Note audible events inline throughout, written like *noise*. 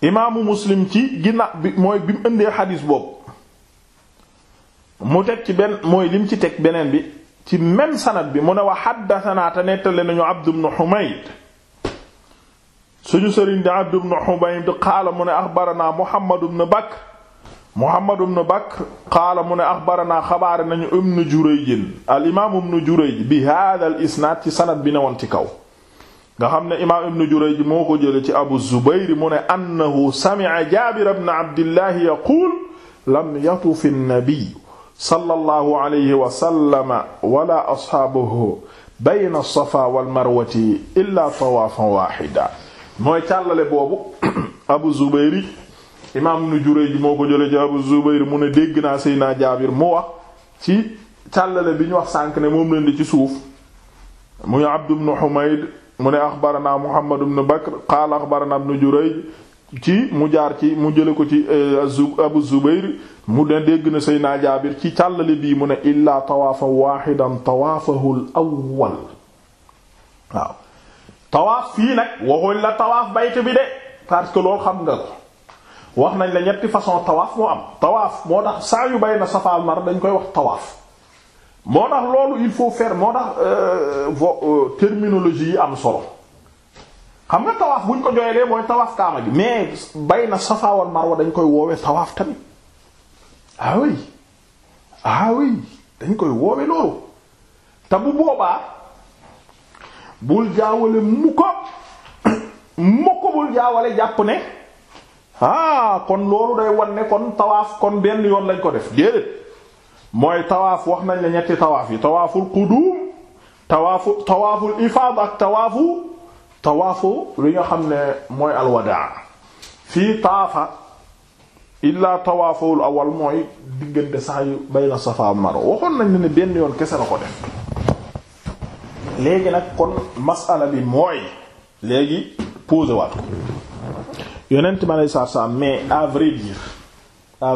imaamu muslim ci ginna bi mooy bi mu indee xadiis boobu mu teg ci benn mooy lim ci teg beneen bi ci même sanad bi mu ne wa xaddasanaa te nettali nañu Abdu bnu Xumayd suñu sëriñ di Abdu bnu Xumayd qaala mu ne axbaranaa Muhammad bnu Bakr Muhammad bnu Bakr qaala mu ne axbaranaa xabaare nañu ibnu Jurayj al imaamu ibnu Jurayj bi haadal isnaad ci sanad bi newoon ci kaw nga xam ne imaam ibn Jurayj moo ko jële ci Abu Zubayr mu ne annahu sami'a Jaabir ibn Abdillahi yaquul lam yatufi an-nabiy sallallahu alayhi wa sallama wala ashaabuhu bayna as-Safa wal Marwati illaa tawaafan waahidan mooy càllale boobu *clears throat* Abu Zubayr imaam ibn Jurayj moo ko ne mu wax ci bi ñu wax sànk ne ci suuf muy Abd ibn Humayd mu ne axbarana Muhammad ibn Bakr qaala axbarana ibn Jurayj ci mu jaar ci mu jële ko ci eh, Abu Zubayr mu ne dégg na Seydina Jaabir ci càllale bii mu ne illaa tawaafan waahidan tawaafahu al-awwal waaw tawaaf fii nag waxuñ la tawaaf bayt bi de parce que loolu xam nga ko wax nañ la ñetti façon tawaaf moo am tawaaf moo tax saa yu bay na Safa al dañ koy wax tawaaf moo tax loolu il faut fair moo tax euh, vo euh, terminologie yi am solo xam nga tawaaf buñ ko jooylee mooy tawaaf kaama gi mais bay na Safa wal Marwa dañ koy woowe tawaaf tamit ah, ah oui dañ koy woowe loolu te bu boobaa bul jaawale mu ko mu ko bul jaawale jàpp ne ah kon loolu day wan ne kon tawaaf kon benn yoon lañ ko def déedéet. mooy tawaaf wax nañ ne ñetti tawaaf yi tawaaful quduum tawaafu tawaaful ifaad ak tawaafu tawaafu li nga xam ne mooy alwadaa fii taafa illaa tawaaful awal mooy diggante sax yu bayna safa marwa waxoon nañ ne benn yoon kese la ko def léegi nag kon masala bi mooy léegi posé waat ko yonent ma lay saar saar mais à vrai dire à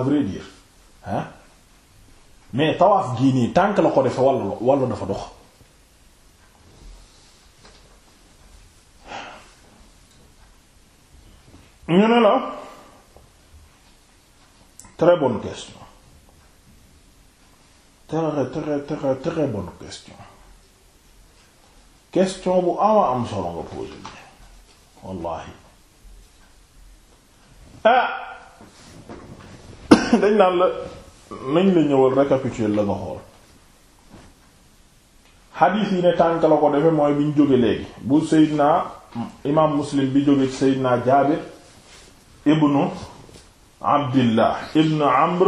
mais tawaaf gii nii tànk la ko defe walla walla dafa dox ñu ne la très bonne question très très très très bonne question question bu ama am solo nga posé wallahi ah *coughs* dañ naan la nañ la ñëwal récapitule la nga xool xadiis yi ne tànk la ko defe mooy bi ñu jóge léegi bu seydina imaam muslim bi jóge ci naa jaabir ibnu abdillah ibnu amr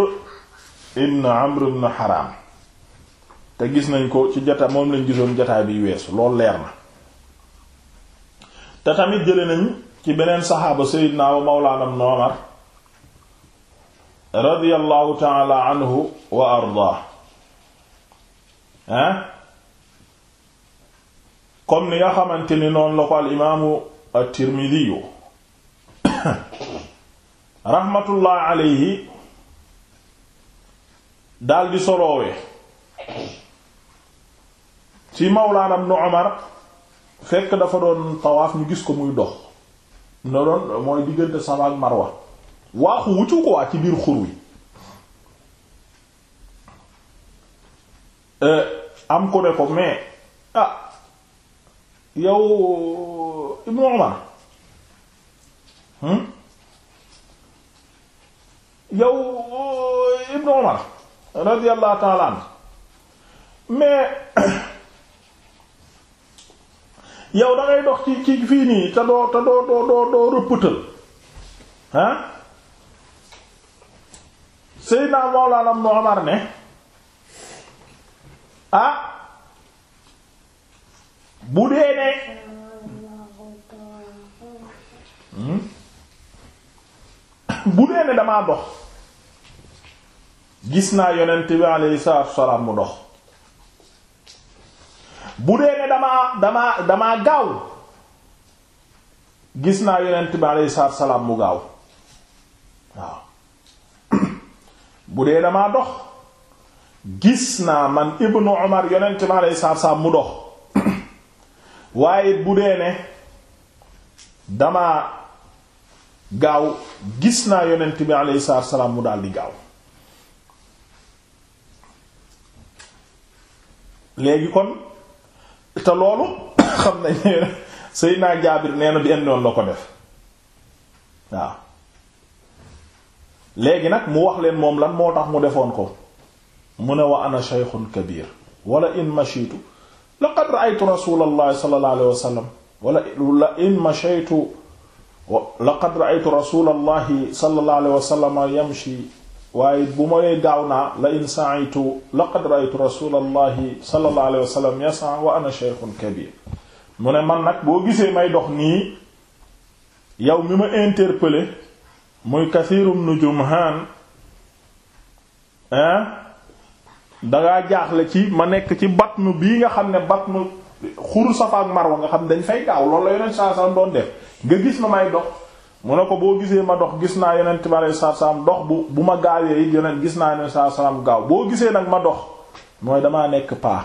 ibnu amr ibnu haram te gis nañ ko ci jataay moom lañ gisoon jataay bi weesu loolu leer na te tamit jële nañ ci beneen saxaaba seydina wa mawlaana ibnu umar radiyallahu taala anhu wa ardaa nga xamante ni noonu *coughs* daldi soloowe ci mawlaana ibnu Umar fekk dafa doon tawaaf ñu gis ko muy dox na doon mooy diggante Safa Marwa waaxu wuccu ko waa ci biir xur wi euh, am ko ne ko mais ah yow Ibnu Umar hmm? yow Ibnu mais *coughs* yow da dox ci ci fii nii te doo te doo doo doo doo rëppëtal ah Seydina Mawlana Ibn Umar ne ah bu dee ne hmm, bu dee ne damaa dox gis naa yonent bi alayhi salaatu wassalaam mu dox bu dee ne damaa damaa damaa gaaw gis naa yonent bi alayhi salaatu wassalaam mu gaaw waaw bu dee damaa dox gis naa man ibnu Umar yonent ma lay saar-saam mu dox waaye bu dee ne damaa gaaw gis naa yonent bi alayhi salaatu salaam mu daal di gaaw léegi kon te loolu *coughs* xam nañ ne Seydina Jaabir nee na di endoon la ko def waaw léegi nag mu wax leen moom lan moo tax mu defoon ko mu ne wa ana shaykhun kabir wala in mashitu laqad ra'aytu rasulallahi sallallahu alayhi wa sallam wala la in mashitu laqad ra'aytu rasulallahi sallallahu alayhi wa sallam yamshi waaye bu may daaw naa la in sa'itu laqad ra'aytu rasulallahi sallallahu alayhi wa sallam yas'a wa ana shaykhun kabir mu ne man nag boo gisee may dox nii yow mi ma interpellé muy Kasiiru bnu Jumhaan hein dangaa jaaxle ci ma nekk ci batnu bii nga xam ne batnu xur Safa ak Marwa nga xam dañ fay gaaw loolu la yonent saa saam doon def nga gis ma may dox mu ne ko boo gisee ma dox gis naa yonent ma saa saam dox bu bu ma gaawee it gis naa yonent saa saam gaaw boo gisee nag ma dox mooy damaa nekk paa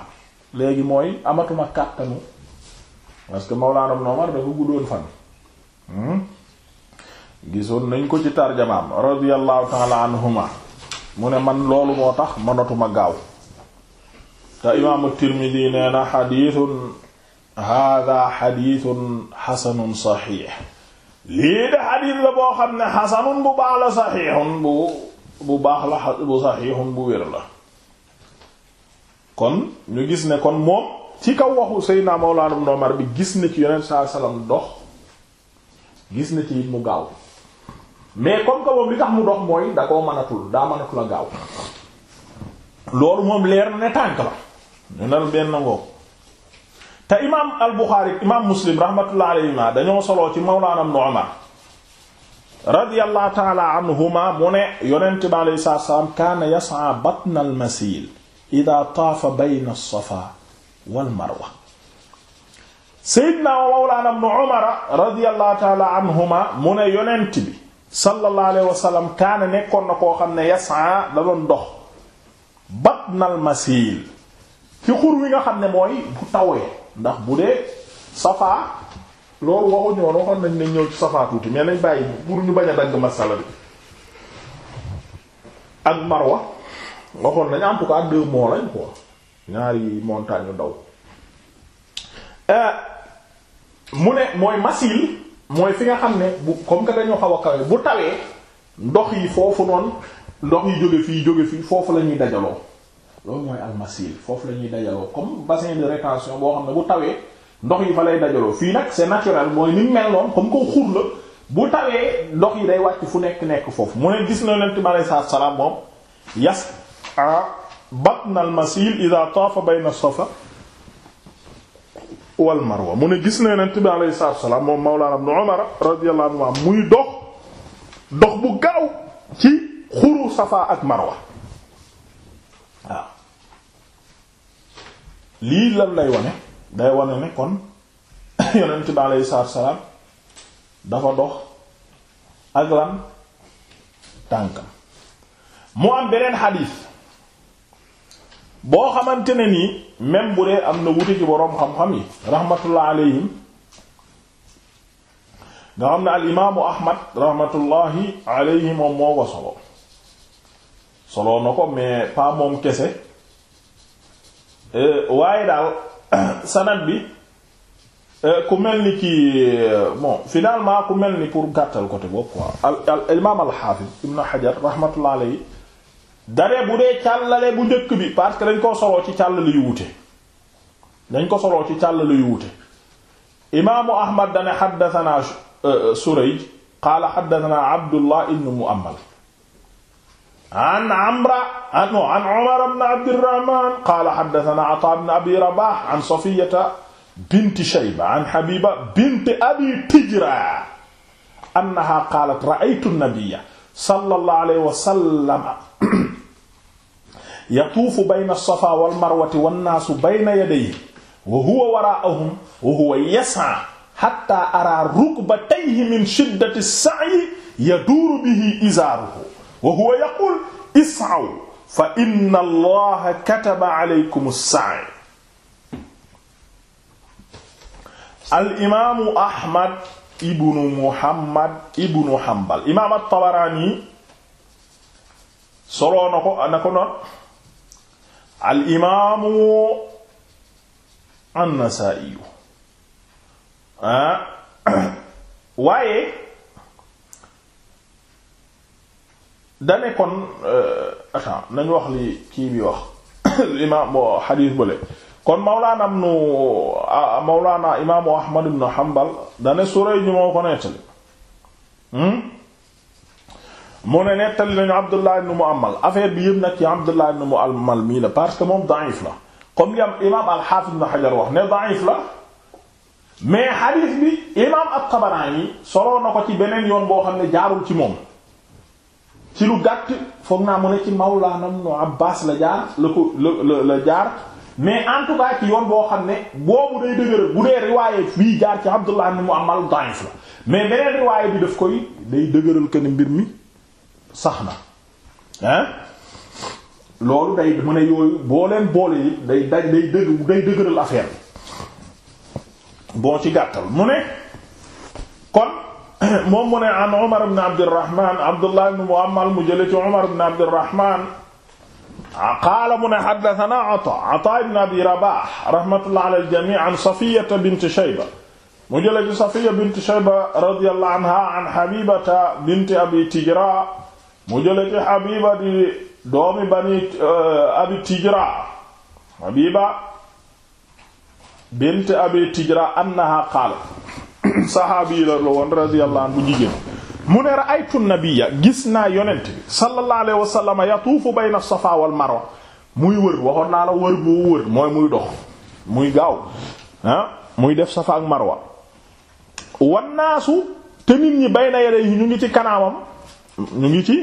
léegi mooy amatuma kàttanu parce que Mawlaana Omar dafa guddoon fan hmm? gisoon nañ ko ci tarjamaam radiyallahu taala anhuma mu ne man loolu moo tax mënatuma gaaw te imaamu tirmidi nee na xadiitun hada saxiix lii de xadiit la boo xam ne xasanun bu baax la saxiixun bu baax la bu bu wér la kon ñu gis ne kon moom ci kaw waxu Seydina Mawlaana Ibn Umar bi gis na ci yonent saa sallam dox gis na ci it mu gaaw mais comme que moom li tax mu mooy da koo mënatul daa mënatul a gaaw loolu moom leer na ne tànk la ñu nel benn ngoo Muslim rahmatullah alayhima dañoo soloo ci mawlaana ibn Umar radiyallahu taala anhuma mu ne yonent salaam kaana yas'a batna al-masiil idaa taafa bayna as-Safaa wal Marwa Seydina mawlaana ibn Umar radiyallahu taala anhuma mu ne sallallahu alayhi wa sallam kaana nekkoon na koo xam ne yasaa da doon dox batnal masiil ci xur wi nga xam ne mooy bu tawee ndax bu dee safaa loolu waxuñu woon waxoon nañ ne ñëw ci safaa tuuti mais nañ bàyyi pour ñu bañ a dagg masala bi ak marwa waxoon nañ en tout cas deux lañ quoi ñaari montagne yu ndaw euh, mu ne mooy masiil mooy fi nga xam ne bu comme que dañoo xaw a kawe bu tawee ndox yi foofu noonu ndox yi jóge fii jóge fii foofu la ñuy dajaloo loolu mooy almasil foofu la ñuy dajaloo comme bassin de rétention boo xam ne bu tawee ndox yi fa lay dajaloo fii nag c'est naturel mooy ni mu mel noonu comme koo xur la bu tawee ndox yi day wàcc fu nekk nekk foofu mu ne gis na leen tamit alayhi salaam moom yas a batn almasil ida taafa na sofa wal marwa mu ne gis na yonent bi alayhi salaatu salaam moom mawlaana ibn Umar radiyallahu anhu muy dox dox bu gaaw ci xuru Safa ak Marwa waaw lii lan lay wane day wane ne kon *coughs* yonent bi alayhi salaam dafa dox ak lan tànkam mu am beneen xadiis boo xamante ne nii même bu am na wute ci boroom xam-xam yi rahmatullah alayhim nga xam ne al imaamu ahmad rahmatullahi alayhi moom moo ko solo solo na ko mais pas moom kese euh, waaye daal *coughs* sanad bi euh, ku mel ni ki euh, bon finalement ku mel ni pour gàttal côté boobu quoi al al imaam al xaafis ibnu xajar dare bu dee càllale bu njëkk bi parce que dañ ko soloo ci càllale yu wute dañ ko soloo ci càllale yu wute imaamu ahmad dane xaddathana euh, surayj qaala xaddathana abdullah ibn muammal an amra ah, an umar ibn abdirrahman qaala xaddathana ata ibn abi rabah an safiyata binti shayba an habiba binti abi tijra annaha qaalat ra'aytu an-nabiyya sallallahu alayhi wa sallam yatuufu bayna safa wal marwati wannaasu bayna yadayhi wa huwa waraahum wa huwa yas'a hatta araa rukbatayhi min shiddati as-sa'yi yaduuru bihi izaaruhu wa huwa yaqul is'aw fa inna allaha kataba alaykum as-sa'y al imaamu ahmad ibnu muhammad ibnu hanbal imaam at-tabarani soloo na ko na ko noon al imaamu an-Nasaa'i ah *coughs* waaye dane kon euh, attends nañ wax li kii bi wax *coughs* imaam bo xadiis bële kon mawlaana ibnu mawlaana imaamu Hanbal dane Surayj moo ko nettali hmm? mu ne nettali nañu Abdullah ibn Mu'ammal affaire bi yëpp nag ci Abdullah ibn Mu'ammal mii la parce que moom da'if la comme li am imaam al-Hafiz ibn Hajar wax ne da'if la mais hadith bi imaam at-Tabarani soloo na ko ci beneen yoon boo xam ne jaarul ci moom ci lu gàtt foog naa mu ne ci Mawlana ibn Abbas la jaar la ko la la jaar mais en ci yoon boo xam ne boobu day dëgër bu dee riwaaye fii jaar ci Abdullah ibn Mu'ammal da'if la mais beneen riwaaye bi daf koy day dëgëral que mbir mi. sax na hein loolu day mu ne yooyu boo leen boole yi day day day dëgg day dëgëral affaire bi boo ci gàttal mu ne kon *clears throat* moom mu ne an Umar ibn Abdurrahman Abdullah ibn Mu'ammal mu jële ci Umar ibn Abdurrahman qaala mu ne haddathana Ataa Ataa ibn Abi Rabah rahmatullah ala al-jami' an Safiya bint Shayba mu jële ci Safiya bint Shayba radiyallahu anha an Habibata bint Abi Tijra mu jële ci Habiba di doomi bani eh, abi Tijra Habiba bint abi Tijra annaha qaala *coughs* saxaabi la woon radiyallahu anhu bu jigéen mu ay ra'aytu nabiyya gis naa yonent bi sallallahu alayhi yatuufu bayna Safa wal Marwa muy wër waxoon naa la wër bu wër mooy muy dox muy gaaw ah muy def Safa Marwa wannaasu te nit ñi bayna yadayhi ñu ngi ci kanamam ñu ngi ci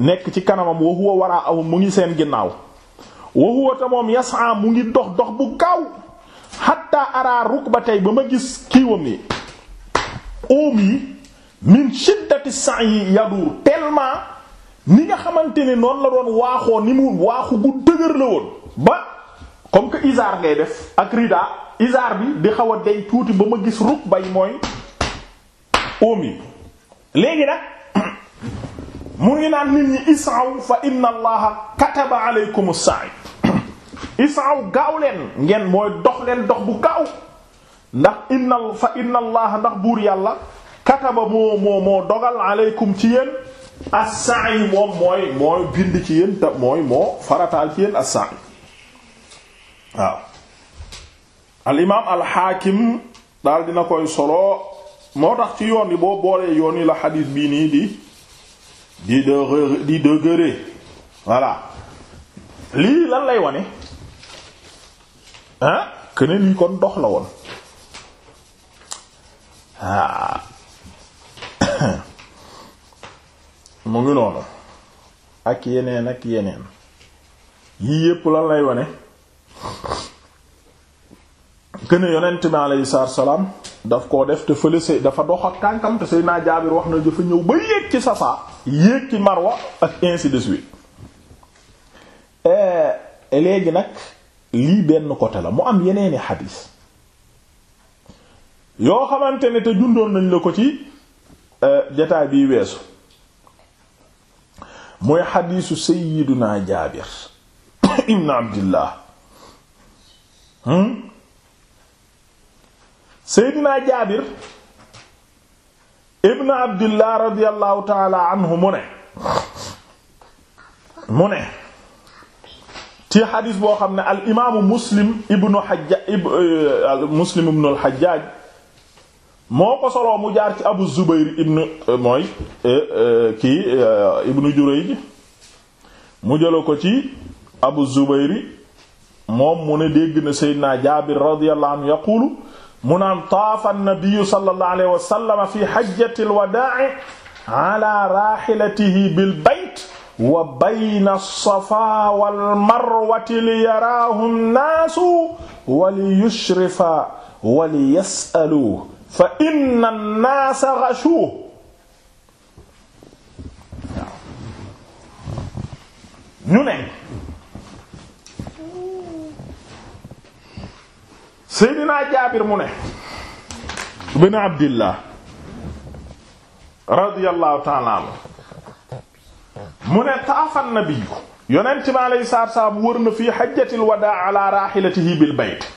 nekk ci kanamam wa huwa waraa aw mu ngi seen ginnaaw wa huwa te moom yas'a mu ngi dox dox bu gaaw hatta araa rukbatay ba ma gis kiiwam yi óom yi min shiddati sa'i yadur tellement ni nga xamante ne noonu la doon waaxoo ni mu waaxu gu dëgër la woon ba comme que isaar ngay def ak rida isaar bi di xaw a dey tuuti ba ma gis rukba yi mooy óom yi léegi nag mu ngi naan nit ñi isaaw fa inna allaha kataba aleykum as-sa'i *clears throat* isaaw gaaw leen ngeen mooy dox leen dox bu gaaw ndax inna fa inna allaha ndax buur yàlla kataba moo moo moo dogal aleykum ci yéen as-sa'i moom mooy mooy bind ci yéen mooy moo farataal ci yéen as-sa'i waaw al imaam al xaakim daal dina koy solo moo tax ci yoon yi boo boolee yoon yi la xadiis bii nii di di dë di dëgëre voilà lii lan lay wane ah këne lii kon dox la woon ah *coughs* mu ngi noonu ak yeneen ak yeneen yii yépp lan lay wane këne yonent bi alayhi salaam daf koo def te fële dafa dox ak tànkam te naa Jaabir wax na dafa ñëw ba yéeg ci safaa yéeg ci marwa ak eh, léegi nag lii benn côté la mu am yeneeni xadiis yoo xamante ne te jundoon nañ la ko ci eh, jataay biy weesu mooy xadiisu sayiduna jaabir *coughs* ibn abdillah hmm? sayiduna jaabir ibn abdillah radiallahu taala anhu mu ne mu ne ci xadis boo xam ne al imaamu muslim ibnu xajjaaj eh, muslim ibnu al xajjaaj moo ko soloo mu jaar ci abu zubayr ibnu eh, mooy eh, kii ibnu ko ci abu zubayr moom mu ne na seydina jaabir radiallahu anhu yaqulu mu naan taafa annabiyu sallallahu alayhi wa sallam fi hajjati alwadaa'i ala rahilatihi bil bayt wa bayna as-safa wal marwati li yaraahu an-naasu wa li yushrifa wa li yas'aluhu fa inna an-naasa ghashuuhu ñu ne seydinaa jaabir mu ne bin abdillah radiyallahu ta'ala anhu mu ne taafan nabiyu yonent bi alayhi salaatu salaam na fii hajjatil wadaa ala raahilatihi bil bayt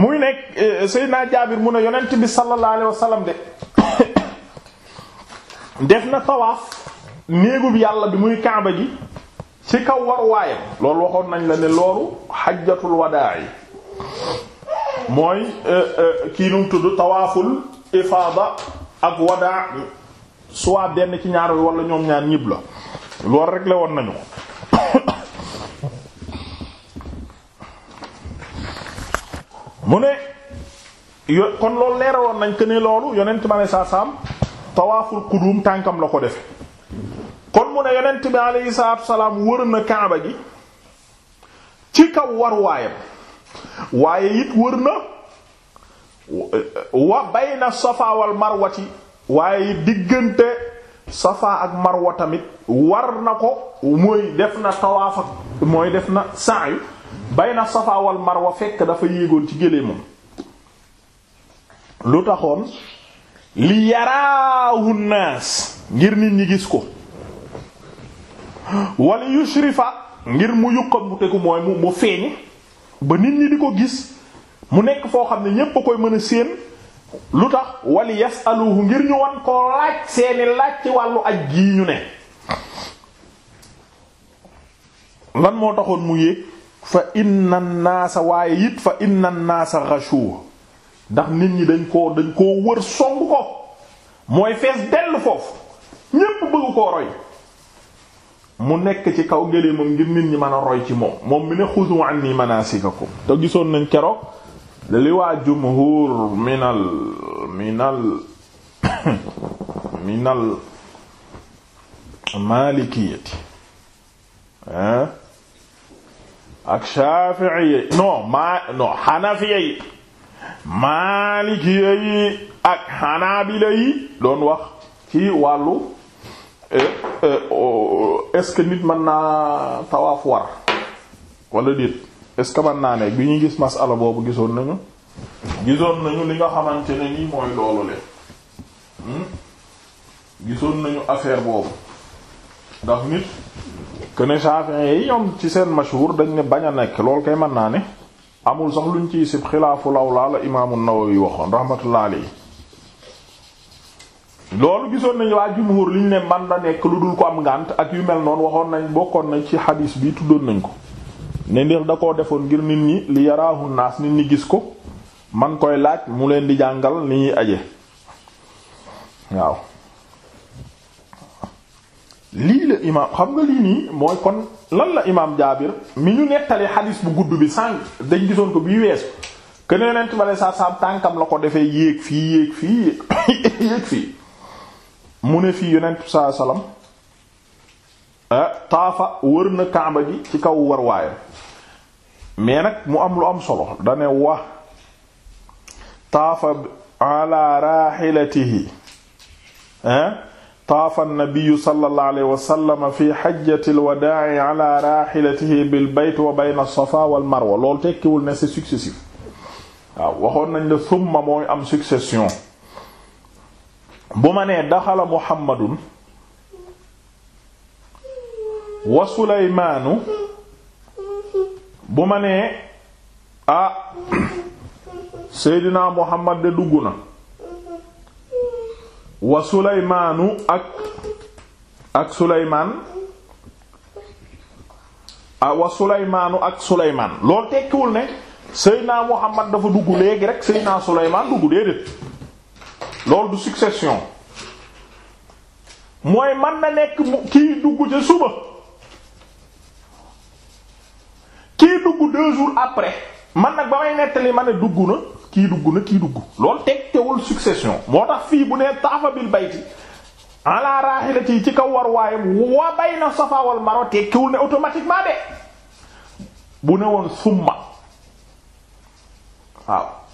muy nekk seydinaa jaabir mu ne yonent bi sallallahu alayhi wasallam de *coughs* def na tawaaf néegub yàlla bi muy kaaba gi ci kaw war waayam loolu waxoon nañ la ne loolu xajjatul wadaa yi mooy euh, euh, kii nu tudd tawaaful ifaada ak wadaa soit denn ci ñaar walla ñoom ñaar ñib la loolu rek la woon nañu ko *coughs* mu ne yo kon loolu leeraloon nañ que ne loolu yonent ma ne saa saam tawaaful qudum tànkam la ko def kon mu ne yonent bi aleyhi salaatu wër na kaaba gi ci kaw war waayam waaye it wër na wa bayna safa wal marwati waaye it diggante safa ak marwa tamit war na ko mooy def na tawaaf ak mooy def na sa'yu bayna safa wal marwa fekk dafa yéegoon ci géléemam lu taxoon li yaraahu naas ngir nit ñi gis ko wala yushrifa ngir mu yuqambuteku mooy mu mu feeñ ba nit ñi di ko gis mu nekk foo xam ne ñépp a koy mën a séen lu tax wali yasaluhu ngir ñu wan koo laaj seeni laaj ci wàllu aj gii ñu ne lan moo taxoon mu yéeg fa inna naasa waaye it fa naa sa rashu ndax nit ñi dañ koo dañ koo wër song ko mooy fees dell foofu ñépp bëgg koo roy mu nekk ci kaw gëléemam ngir nit ñi a roy ci moom moom mi ne xuzu anni manasikakum te gisoon nañ keroog li waa jumhur minal minal *coughs* minal maalikiyati hein ak shafi'iyyi non maa non hanafiyyi maalikiyyi ak hanabila yi doon wax ci wàllu Eh, eh, oh, est-ce que nit man naa tawaaf war wala déet est-ce que mën naa ne bi ñu gis mas masala boobu gisoon nañu gisoon nañu li nga xamante ne nii mooy loolu le hmm? gisoon nañu affaire boobu ndax nit que ne Shafi'i yi ñoom ci seen mashhur dañ ne bañ a nekk loolu kay mën naa ne amul sax luñ ci sib xilaafu law laa la imaamu Nawawi waxoon rahmatullah alayhi loolu gisoon nañu waa jumhur li ñu ne man da nekk lu dul ko am ngànt ak yu mel noonu waxoon nañ bokkoon nañ ci xadiis bi tuddoon nañ ko ne ndax da koo defoon ngir nit ñi li yaraahu naas nit ñi gis ko man koy laaj mu leen di jàngal li ñuy aje waaw lii la imaam xam nga lii nii mooy kon lan la imaam jaabir mi ñu nettali xadiis bu gudd bi sànq dañ gisoon ko bii weesu keneen leen tibale saa saam tànkam la ko defee yéeg fii yéeg fii yéeg fii mu ne fii yonent saa salaam eh, taafa wër na kaaba gi ci kaw war waayam mais nag mu am lu am solo da wa taafa ala raxilatihi eh, taafa nabiyu sallallahu alayhi wa sallam fi xajjati alwadaa'i ala raxilatihi wa bayna as-safa wal marwa ne c'est successif waaw waxoon nañ la summa mooy am succession bu ma nee daxala muhammadun wa suleymaanu bu ma nee ah seydinaa muhammad de dugg na wa suleymaanu ak ak suleymaan ah wa suleymaanu ak suleymaan loolu tekkiwul ne seydinaa muhammad dafa dugg léegi rek seydinaa suleymaan dugg déedéet loolu du succession mooy mën na nekk kii dugg ca suba kii dugg deux jours après man nag ba may nettali ma ne dugg na kii dugg na kii dugg loolu tegtewul succession moo tax fii bu nee taafa bil bayti ala rahilati ci kaw war waayam wa bayna safa wal marwa tekkiwul ne automatiquement de bu ne woon summa waaw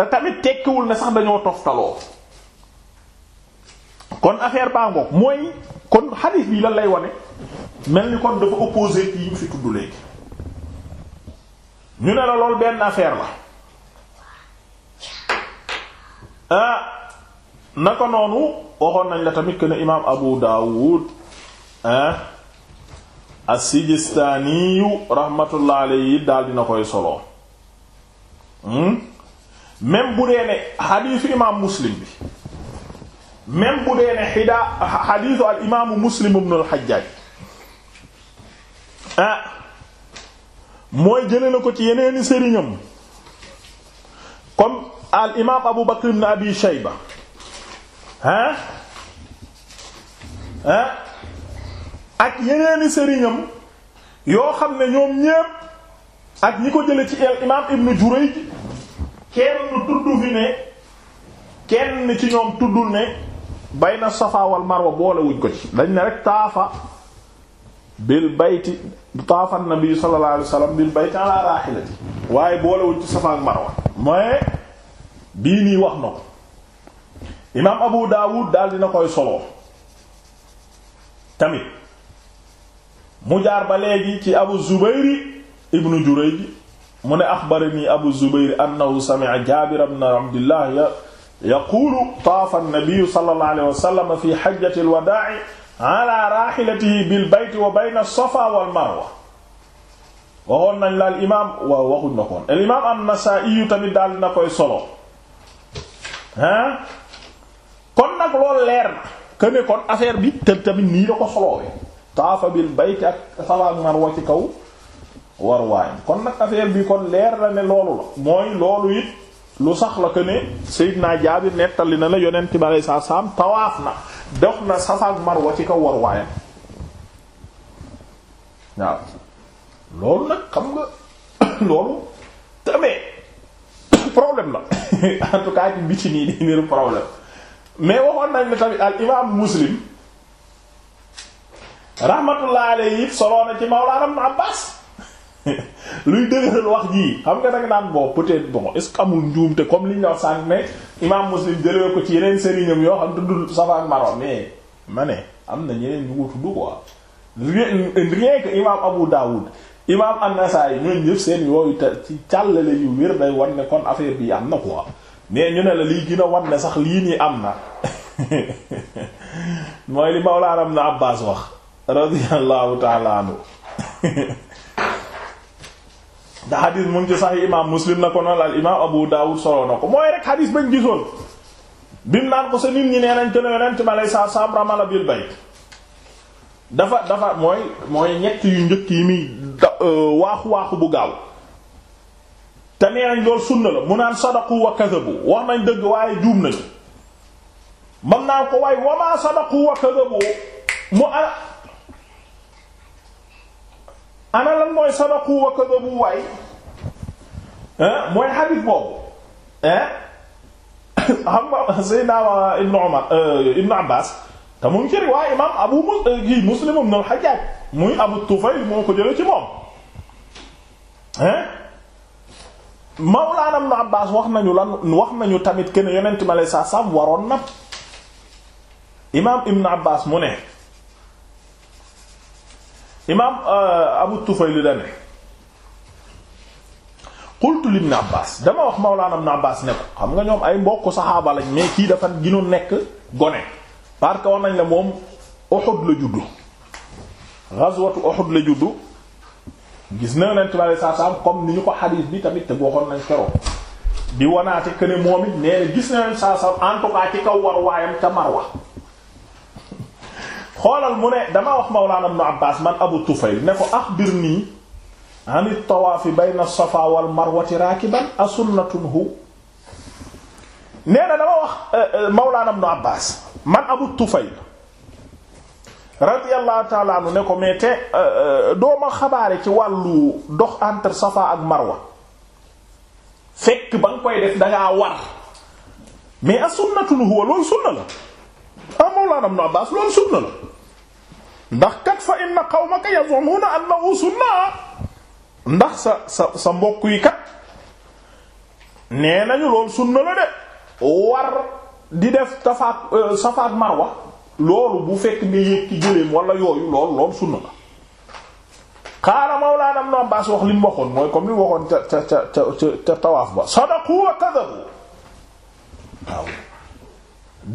te tamit tekkiwul ne sax dañoo toftaloo kon affaire baa ngoog mooy kon xadiis bi lan lay wane mel ni kon dafa opposé yi ñu fi tudd léegi ñu ne la lool benn affaire la ah naka noonu waxoon nañ la tamit que ne imaam Abu Dawud ah as-Sijistaaniyu rahmatullah alayhi dina koy solo hmm? même bu dee ne xadiisu imaamu muslim bi même bu dee ne xidaa xadiisu al imaamu muslim ibn al xajjaaj ah mooy jëlee na ko ci yeneeni sëriñam comme al imaam abu bakr ibn abi shayba ah ah ak yeneeni sëriñam yoo xam ne ñoom ñépp ak ñi ko jële ci al imaam ibn jurayj kenn tudd fi ne kenn ci ñoom tuddul ne bayna safa wal marwa boole wuñ ko ci dañ ne rek taafa bil bayti taafa nabi sallallahu alayhi waaye boole wuñ ci safa ak marwa mooy bii nii wax na ko imaam abu daawud daal dina koy solo tamit mu jaar ba léegi ci abu zubayri ibnu jurayj mu ne axbarani abu zubayr annahu sami'a jaabir ibn abdillah yaquulu taafa annabiyu sallallahu alayhi wa sallam fi hajjati alwadaa'i ala raahilatihi bil bayti wa bayna as-safaa wal marwa waxoon nañ la al imaam waaw waxuñ na koon al imaam an-nasaa'i tamit daal dina koy solo ah kon nag loolu leer na que ne kon affaire bi te tamit nii la ko solowee taafa bil bayti ak safaa ak marwa ci kaw war waayam kon nag affaire bi kon leer la ne loolu la mooy loolu it lu sax la que ne Seydina Jaabir nettali na la yonent bi aleyhi salaatu salaam tawaaf na dox na Safa ak Marwa ci kaw war waayam waaw loolu nag xam nga *coughs* loolu tamit *coughs* problème la *coughs* en bi ci nii di niru problème mais waxoon nañ ne tamit al imam Muslim rahmatullah alayhi soloona ci Mawlaana Ibn Abbaas *laughs* luy dëgëral wax jii xam nga nag naan boo peut-être bon est-ce que amul njuumte comme li la sànq ne imaam muslim jëlee ko ci yeneen sëriñam yoo xam tuddul Safa ak Marwa ma ne am na ñeneen ñu ko tudd quoi rien rien que imaam Abu Dawud imaam An-Nasa'i ñooñu ñëpp seen yooyu te ci càllale yu wér day wan ne kon affaire bii am na quoi mais ñu ne la lii gën a ne sax lii nii am na *laughs* mooy li Mawlaana Ibn Abbaas wax radiyallahu ta'ala anhu *laughs* da xadis mu ngi ci sax imaam muslim na ko noonu al imaam abu daawud solo na ko mooy rek xadis bañ gisoon bim naan ko sa nit ñi nee nañ te ne yonent ma lay saa saam ramala bil bayt dafa dafa mooy mooy ñett yu njëkk yi muy euh, waaxu waaxu bu gaaw te nee nañ loolu sunna la mu naan sadaqu wa kadhabu wax nañ dëgg waaye juum nañu man naa ko waaye wamaa sadaqu wa kadhabu mu a ana lan mooy sabaqu wa kadabu waay eh, mooy xadiis boobu eh? *coughs* xam nga Seydina Ibn Umar eh, Ibn Abbas te mu ngi ci riwaaya imaam Abu Muslim ibn al muy Abu Tufayl moo ko jële ci moom Mawlaana Ibn Abbas wax nañu lan wax nañu tamit kenn yonent ma lay sa sam waroon na imaam Ibn Abbas mu ne imaam euh, Abu Tufayl dane qultu li Ibn Abbas dama wax Mawlana Ibn Abbas ne ko xam nga ñoom ay mbokk saxaaba lañ mais kii dafa ginu nekk gone parce que nañ la moom Uhud la juddu ghazwatu Uhud gis na Yonent bi alayhi salaam comme ni ñu ko xadiis bi tamit te waxoon nañ keroog di wanaate que moom it nee na gis na Yonent bi ci kaw war waayam ca Marwa xoolal mu ne dama wax Mawlana Ibn Abbas man Abu Tufayl ne ko axbirnii ani tawaafi bayna Safa wal Marwati raakiban asunnatun hu nee na dama wax eh, eh, Mawlana Ibn Abbas man Abu Tufayl radiyallahu ta'ala anhu ne ko mais te eh, doo ma xabaare ci wàllu dox entre Safa ak Marwa fekk ba nga koy def dangaa war mais asunnatun huwa loolu sunna la ah Mawlana Ibn Abbas loolu sunna la ndax kat fa inna qawmaka yazumuna annahu sunna ndax sa sa sa mbokk yi kat nee nañu loolu sunna la de war di def tafaat euh, safaat marwa loolu bu fekk nga yéeg ci jëleem wala yooyu loolu loolu sunna la qaala mawlaana ibn Abbaas wax li mu waxoon mooy comme li waxoon ca ca ca ca tawaaf ba sadaqu wa kadabu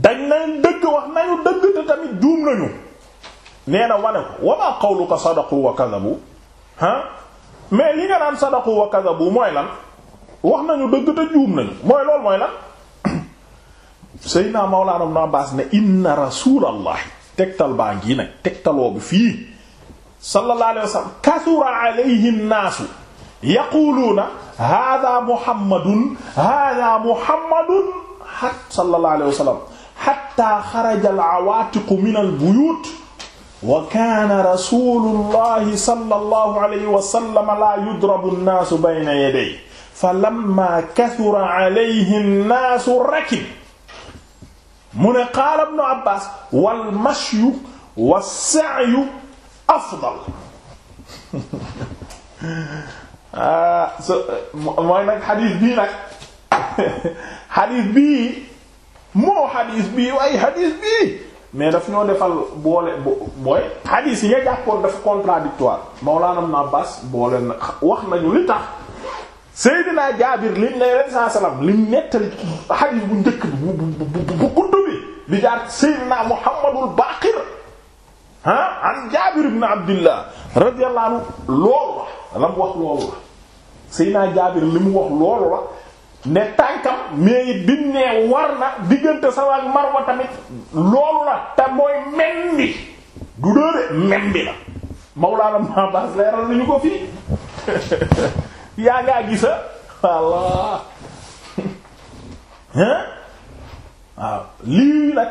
dañ nañ dëgg wax nañu dëgg te tamit juum nañu nee na wane ko wa ma qawluka sadaqu wa kadhabu ah mais li nga naan sadaqu wa kadhabu mooy lan wax nañu dëgg te juum nañu mooy loolu mooy lan *clears throat* Seydina Mawlana Ibn Abbas ne inna rasulallahi tegtal baa ngii nag tegtaloo bi fii sallallahu alayhi wa sallam kasura alayhi nnaasu yaquluuna hada muhammadun hada muhammadun sallallahu alayhi wa sallam hatta xaraja al awaatiqu min al buyut wa kaana rasulullahi sallallahu alayhi wa sallam laa yudrabu nnaasu bayna yadayhi falamma kathura alayhi nnaasu rakib mu ne qaala ibnu Abbaas wal mashyu was-sa'yu afdal ah, mooy nag xadiis bii nag xadiis bii moo xadiis bii waaye xadiis bii mais daf ñoo defal boole booy hadith yi nga jàppoon dafa contradictoire Mawlana Ibn Abbas boole na wax nañu li tax Seydina Jaabir lim ne leen saa salaam lim nettali hadith bu njëkk bi bu bu bu gudd bi di jaar Seydina Muhammadul Baqir ah an Jaabir ibn Abdillah radiyallahu anhu loolu la la mu wax loolu la Seydina Jaabir li mu wax loolu la. ne tànkam mais it bi ne war na diggante Safa ak Marwa tamit loolu la te mooy mem bi du dóore mem bi la Mawlaana Mabas leeral nañu ko fii *laughs* yaa ngaa gisa ah? *laughs* waaw lii nag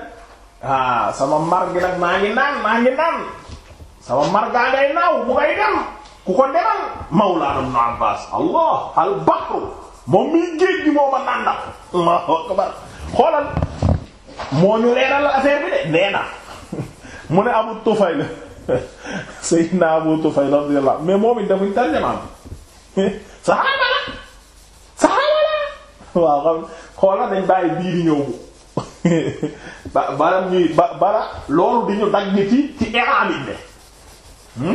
ah sama mar gi nag maa ngi naan maa ngi naan sama mar gaa ngay naaw bu ngay dem ku ko demal Mawlaana Mabas Allah al moom mii géej gi moo ma nàndal Allahu akbar xoolal moo ñu leeral affaire bi de nee na *laughs* mu ne Abu Tufayl Sayyidina *laughs* Abu Tufayl radiyallahu mais moom it dafuñ tarjamaan bi *laughs* saxaaba la saxaaba la waaw xam xoolal dañ bàyyi bii di ñëw ba bala ñuy ba bala loolu di dagg ci ci éran ne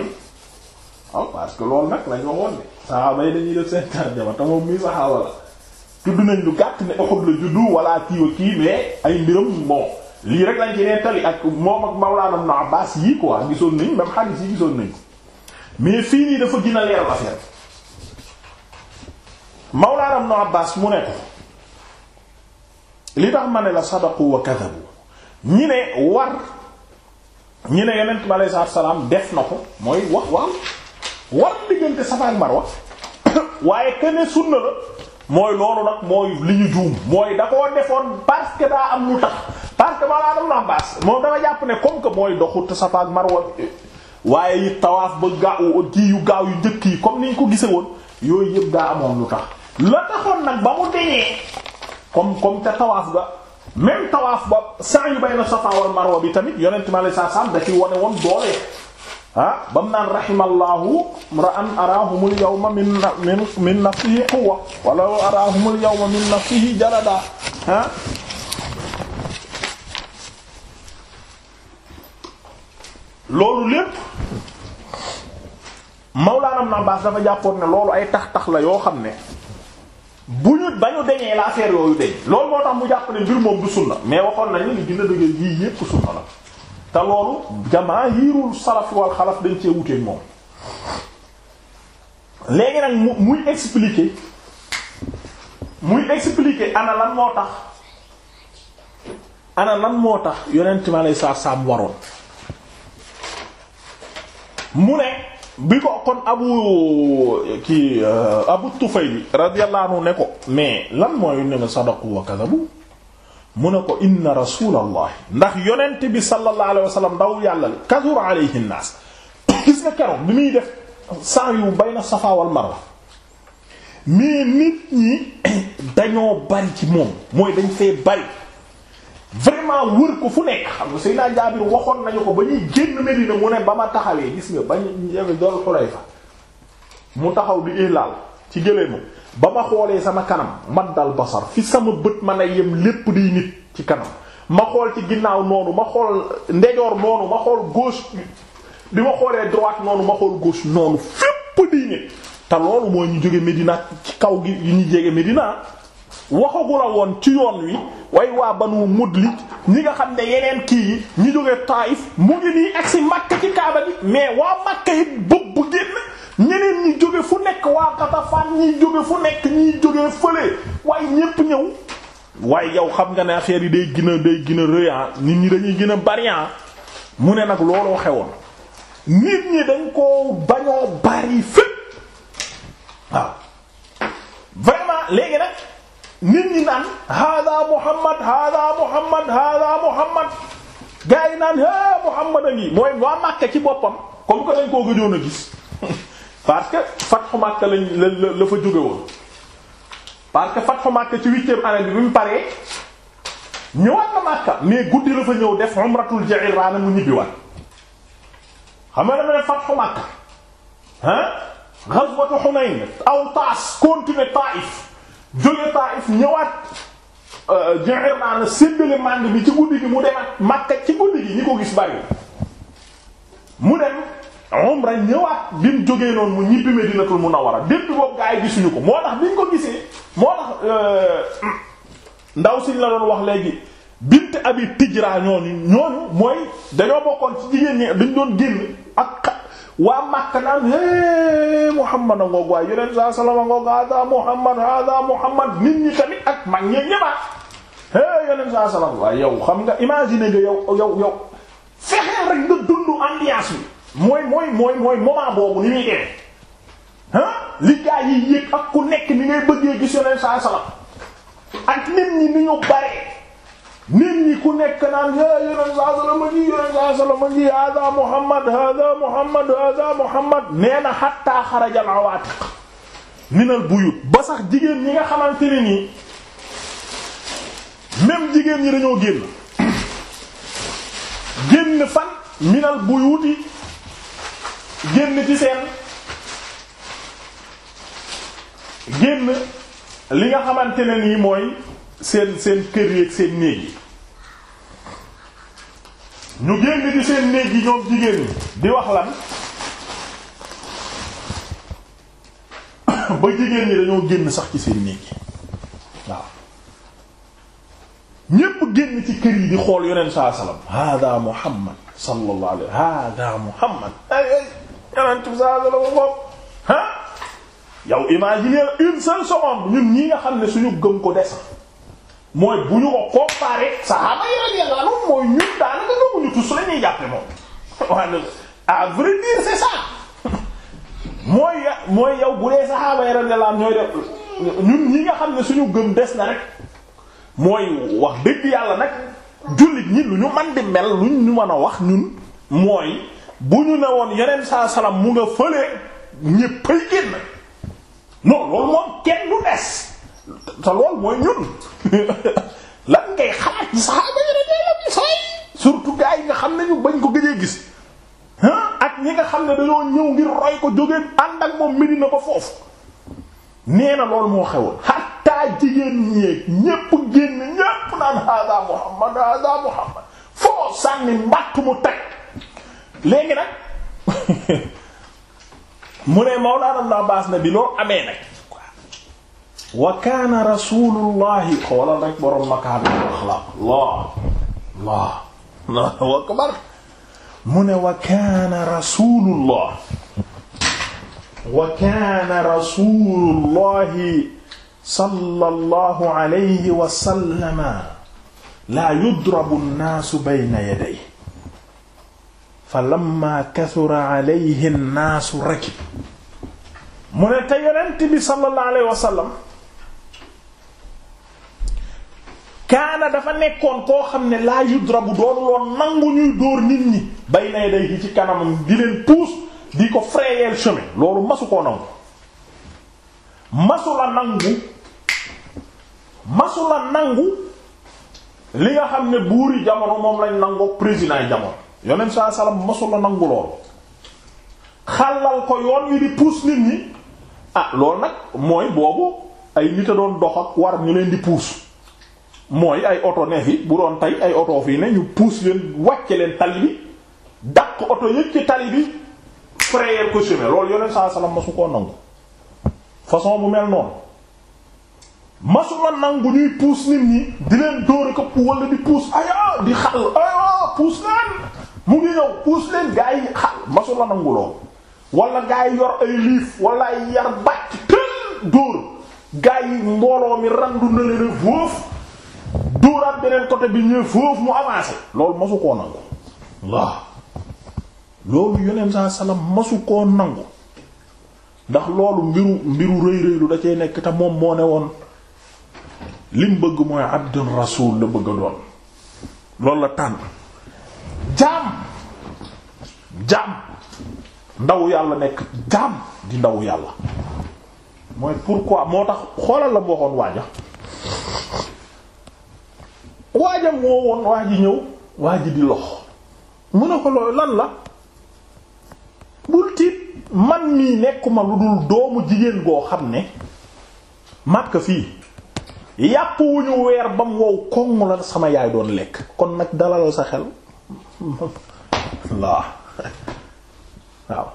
waaw ah, parce que loolu nag lañ waxoon ne saxaaba yi def seen tarjama te moom mii saxaaba tudd nañ lu gàtt ne Uhud la juddu wala kii wa ay mbiram bon lii rek lañ ci nettali ak moom ak Mawlaana Ibn Abbaas yi quoi gisoon nañ même hadith yi gisoon nañ mais fii nii dafa gën a leeral affaire Mawlaana Abbaas mu ne li tax ma ne la sadaqu wa kadhabu ñi ne war ñi ne Yonent bi alayhi salaam def na ko mooy wax waaw war diggante Safa ak waaye kenn sunna la mooy loolu nag mooy li ñu juum mooy da koo defoon parce que daa am lu tax parce que balaa dam na baas moom dama jàpp ne comme que mooy doxut Safa ak Marwa waaye it yu gaaw yu njëkk yi comme ni ko gise woon yooyu yëpp daa amoon lu tax la taxoon nag ba mu deñee comme comme te tawaaf ga même tawaaf ba sa'i bayna Safa bi tamit yonent mi sallallahu alayhi wasallam da ci wane woon doole ah ba mu naan rahimallahu ra'an arahumul yawma min min min nafsihi quwwa wala arahumul yawma min nafsihi jalada ah loolu lépp Mawlaana na Abbaas dafa jàppoon ne loolu ay tax-tax la yoo xam ne bu ñu dañu deñee la affaire yooyu deñ loolu moo tax mu jàpp ne mbir moom du sunna mais waxoon nañu li gën a dëgg yii yépp sunna la te loolu jamaahiirul salaf wal xalaf dañ cee wuteeg moom léegi nag muy expliquer muy expliquer ana lan moo tax ana lan moo tax yonent ma lay saa saam waroon mu ne bi ko kon abu ki abu Tufayli radiyallahu anhu ne ko mais lan mooy ne na sadaqu wa kadhabu mu ne ko inna rasulallah ndax yonent bi sallallahu alayhi wa ndaw yàlla li kasura alayhi naas *coughs* gis nga keroog bi muy def sa'i yu bayna safa wal marwa mais nit ñi *coughs* dañoo bari ci moom mooy dañ fee bari vraiment wër ko fu nekk xam nga Seydina Jaabir waxoon nañu ko ba ñuy génn Medina mu ne ba ma taxawee gis nga bañ dool Xulayfa mu taxaw di ilaal ci gëlee moom ba ma xoolee sama kanam man dal basar fi sama bët ma na yem lépp di nit ci kanam ma xool ci ginnaaw noonu ma xool ndejoor noonu ma xool gauche bi ma xoolee droite noonu ma xool gauche noonu fépp di nit te loolu mooy ñu jóge Medina ci kaw gi ñu jóge Medina waxagula woon ci yoon wi way waa banu mudlij ñi nga xam ne yeneen kii yi ñu jóge Taif mu ngi nii agsi Makka ci Kaaba bi mais waa Makka it bëbb génn ñeneen ñi jóge fu nekk waa Qatafan ñiy jóge fu nekk ñiy jóge fële waaye ñépp ñëw waaye yow xam nga ne affaire yi day gën a day gën a ah. nit ñi dañuy gën a bari ah. mu ne nag looloo xewoon nit ñi dañ koo bañoo bari fépp waaw vraiment léegi nag nit ñi naan hada Muhammad hada Muhammad hada Muhammad gaa naan ha Muhammad a ngi mooy waa Makka ci boppam comme que dañ koo gëjoon a gis parce que Fathu Makka la la fa jóge woon parce que Fathu Makka ci huitième année bi bi mu paree ñëwaat na Makka mais guddi la fa ñëw def umratul Ji'rana mu ñibbiwaat xam nga dafa ne Fathu Makka ah ghazwatu Hunayn aw Taas continuer Taif jóge Taif ñëwaat euh, Ji'rana séddale màng bi ci guddi gi mu demaat Makka ci guddi gi ñi ko gis bari mu dem. umra ñëwaat bi mu jógee noonu mu ñibbi Medinatul Munawwara depuis boobu gaa yi ko moo tax ko gisee moo tax euh, ndaw si wax léegi bint abi tijra ñooñu ñooñu dañoo bokkoon ci dañ doon génn ak waa Makka naan é Muhammad a ngoog waaye yeneen saa salama ngoog hada Muhammad hada ak mag ñe ñëmaat é waaye yow xam nga imaginer nga yow yow yow fexeel rek nga dund ambiance bi mooy mooy mooy mooy moment boobu ni ñuy demee ah li gaa yi yéeg ak ku nekk ni ngay bëggee gis yoneen saa salam ak nit ñi ni ñu bare nit ñi ku nekk naan a yoneen saa salam a ngi yoneen saa salam a ngi hada Muhammad hada Muhammad hada Muhammad nee na hatta xarajal awaatiq minal buyut ba sax jigéen ñi nga xamante ne nii même jigéen ñi dañoo génn génn fan minal buyuti génn ci seen génn li nga xamante ne nii mooy seen seen kër yi ak seen néeg yi ñu génn ci seen néeg yi ñoom jigéen ñi di wax lan *coughs* ba jigéen ñi dañoo génn sax ci seen néeg yi waaw ñépp génn ci kër yi di xool yonent saa salaam hàdda muhammad sallallahu alayhi hàdda muhammad yeneen tib saa la ko bopp ah ñun ñi nga xam ne suñu gëm ko des mooy bu ñu ko comparé saxaaba yi radiyallahu anhum mooy ñun daanaka gëmuñu tous la ñuy jàppe moom *laughs* waa à vrai dire c'est ça *laughs* mooy mooy yow bu dee saxaaba yi radiyallahu anhum ñooy ñun ñi nga xam ne suñu gëm des na rek mooy wax dëgg yàlla nag jullit ñi lu ñu man di mel lu ñu mën a wax ñun mooy bu ñu ne woon yeneen sa salaam mu nga fële ñéppay génn non loolu moom kenn du des te lool mooy ñun *laughs* lan ngay xalaat ci saxaaba yi radiyallahu surtout gars yi nga xam ne ñu bañ ko gëjee gis ak ñi nga xam ne dañoo ñëw ngir roy ko jógeen ànd ak moom Medina ba foofu nee na loolu moo xew hatta jigéen ñeeg ñépp génn ñépp naan hada Muhammad hada Muhammad foo sànni mbàtt mu teg léegi nag *laughs* mu ne Mawlaana Ibn Abbaas ne bi loo amee nag wa kaana rasulullahi xoolal rek boroom makaarimul axlaaq Allah Allah Allahu akbar mu ne wa kaana rasulullah wa kaana rasulullahi sallallahu alayhi wa sallama laa yudrabu nnaasu bayna yadayhi fa lamma kasura alayhi naasu rakib mu ne te yonent bi sallallahu alayhi kaana dafa nekkoon koo xam ne laa yudrabu doonu loon nangu ñuy dóor nit ñi bay nay day ci kanamam di leen puus di ko frayer chemin loolu masu koo nangu masu la nangu masu la nangu li nga xam ne buuri jamono moom lañ nangoo président jamono yonent saa salaam mosul la nangu lool xàllal ko yoon wi di puus nit ñi ah loolu nag mooy boobu ay nit a doon dox ak war ñu leen di puus mooy ay oto ne fi bu doon tey ay oto fii ne ñu puus leen wàcce leen tali bi dàq oto yëg ci tali bi frayer ko chemin loolu yonent saa salaam mosu koo nangu façon bu mel noonu masuma nangu ñuy puus nit ñi di leen dóor a këpp wala di puus aya di xàll aya puus naan mu ngi ñëw puus leen gaa yi xal masu la nangu lool wala gaa yi yor ay liif wala ay yar bàcc tël dóor gaa yi mbooloo mi randu na leen foofu dóoraat beneen côté bi ñëw foofu mu avancé loolu masu koo nangu waaw loolu yonent saa salaam masu koo nangu ndax loolu mbiru mbiru rëy rëy lu da cee nekk te moom moo ne woon lim bëgg mooy abdul rasul la bëgg a doon loolu la tànn jaam jaam ndaw yàlla nekk jaam di ndaw yàlla mooy pourquoi moo tax xoolal la mu waxoon waaja waaja moo woon waa ji ñëw waa ji di lox mu ne ko loolu lan la bul tiit man mii nekkuma lu dul doomu jigéen goo xam ne màkk fii yàpp wu ñu weer ba mu wow koŋ la sama yaay doon lekk kon nag dalaloo sa xel waaw waaw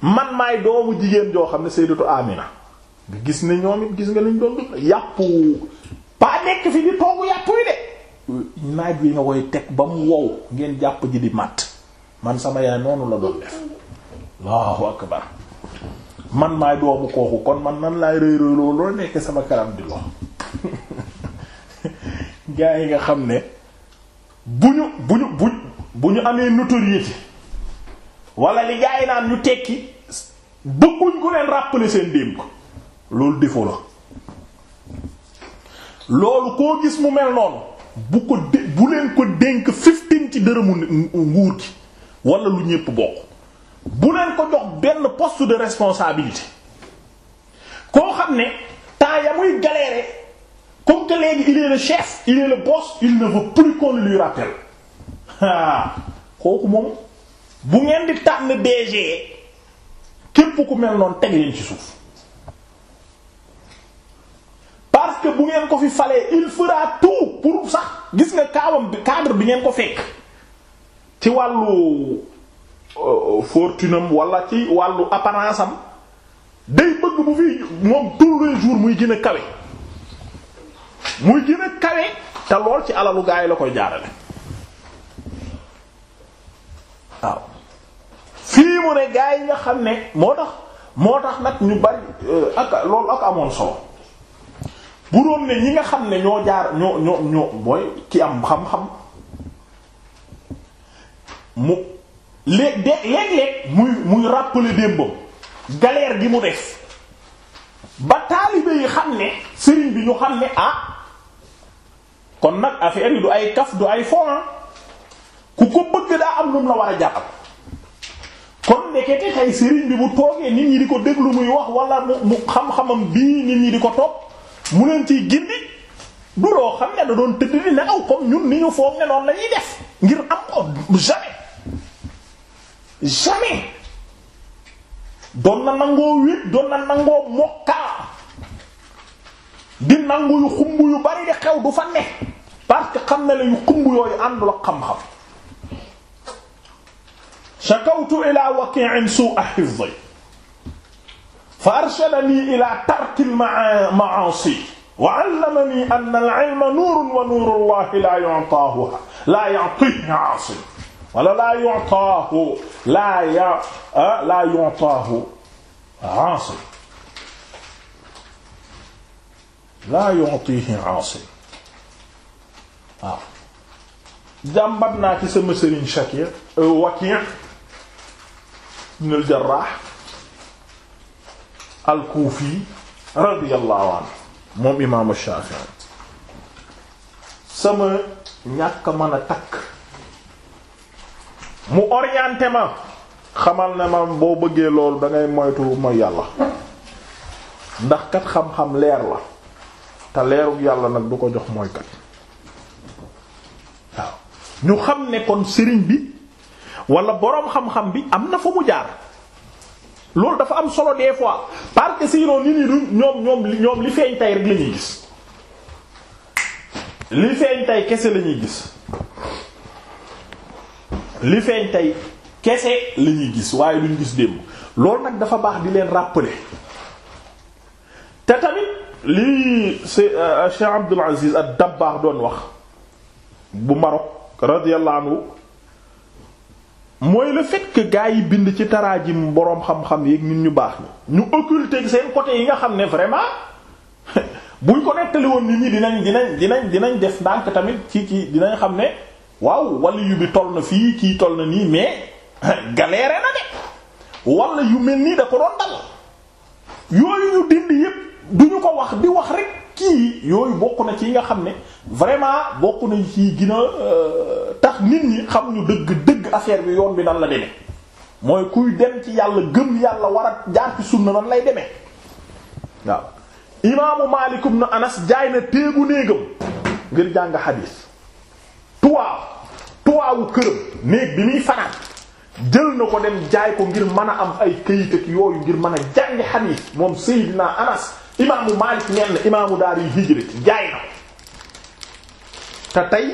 man maay doomu jigéen joo xam ne sayyidatu Amina nga gis ne ñoom it gis nga liñ doon dund yàpp ba nekk fi di togg yàpp yi de naaj wi nga koy teg ba mu wow ngeen jàpp ji di matt man sama yaay noonu la doon def Allahu akbar man maay doomu kooku kon man nan laay rëy rëy loolu nekk sama karam di lox *laughs* gaa yi nga xam ne bu ñu bu ñu bu bu ñu amee notoriété wala li jaay naan ñu tekki bëgguñ ku leen rappeler seen démb loolu défaut la loolu koo gis mu mel noonu bu ko dé bu leen ko dénk fifteen ci dërëmu nguur gi wala lu ñépp bokk bu leen ko jox benn poste de responsabilité koo xam ne temps ya muy galérer comme que léegi il est le chef il est le boss il ne veut plus qu'on lui rappelle kooku moom bu ngeen di tànn DG képp ku mel noonu teg leen ci suuf parce que bu ngeen ko fi falee il fera tout pour sax gis nga kaawam bi cadre bi ngeen ko fekk ci wàllu euh, fortune am wala ci wàllu apparence am day bëgg bu fi moom tous les jours muy gën a kawe. muy gën a te lool ci alalu gaa yi la koy jaarale waaw fii mu ne gaa yi nga xam ne moo tax moo tax nag ñu bari euh, ak loolu ak amoon solo bu doon ne ñi nga xam ne ñoo jaar ñoo ñoo ñoo mooy ki am xam-xam mu léeg de muy muy rappeler démbam galère gi mu def ba taalibe yi xam ne sëriñ bi ñu xam ne ah kon nag affaire yi du ay kaf du ay fond ku ko bëgg daa am lu mu la a jàppal kon nekkete kay sëriñ bi bu toogee nit ñi di ko déglu muy wax wala mu xam-xamam bii nit ñi di ko topp mu leen ciy gindi du loo xam ne da doon tëdd di nelaw comme ñun ni ñu foog ne noonu def ngir am ko jamais jamais doon na nangoo wéet doon na nangoo mokkaa di nangu yu xumb yu bari di xew du fa ne parce que xam na la yu xumb yooyu àndul ak xam-xam shakawtu ila waqi'in su'a hifzi fa arshadani ila tarki al-ma'asi wa 'allamani anna al-'ilma nurun wa nuru Allahi la yu'tahu la yu'tihi 'asi wala la yu'tahu la la yu'tahu 'asi laa yu'tihi Aasim waaw ah. jàmbat naa ci sama sëriñ Shakir euh, Waki' ibn al-Jarrah al-Kufi radiyallahu moom imaamu Shafi'i sama ñàkk mën a takk mu orienté ma xamal ne ma boo bëggee loolu dangay moytu ma yàlla ndax kat xam-xam leer la te leerug yàlla nag du ko jox mooykat waaw ñu xam ne kon sëriñ bi wala boroom xam-xam bi am na fa mu jaar loolu dafa am solo des fois parce que sinon nit ñi du ñoom ñoom li feeñ tey rek la gis li feeñ tay kese lañuy gis li feeñ tey kese la ñuy gis waaye duñ gis démb loolu nag dafa baax di leen rappeler lii euh, Cheikh Abdul Aziz ad-Dabbaax doon wax bu Maroc radiyallahu anhu mooy la fait que gars yi bind ci taraajim boroom xam-xam yeeg ñun ñu baax ni ñu occulter seen côté yi nga xam ne vraiment *laughs* buñ ko nettali woon nit ñi dinañ dinañ dinañ dinañ def ndànk tamit ci ci dinañ xam ne waaw wala yu bi toll na fii kii toll na nii mais *laughs* galère na de wala yu mel nii da ko doon dal yooyu ñu dindi yépp du ñu ko wax di wax rek kii yooyu bokk na ci nga xam ne vraiment bokk na ci gina euh, tax nit ñi xam ñu dëgg dëgg affaire bi yoon bi nan la demee mooy kuy dem ci yàlla gëm yàlla war a jaar ci sunna nan lay demee waaw imaamu Maalik ibn Anas jaay na téegu néegam ngir jàng xadiis tuwaaw tuwaawu këram néeg bi muy fanaan jël na ko dem jaay ko ngir mën a am ay këyit ak yooyu ngir mën a jàngi xadiis moom Seydina Anas imaamu Maalik nen imaamu daaru hijra jaay na te tey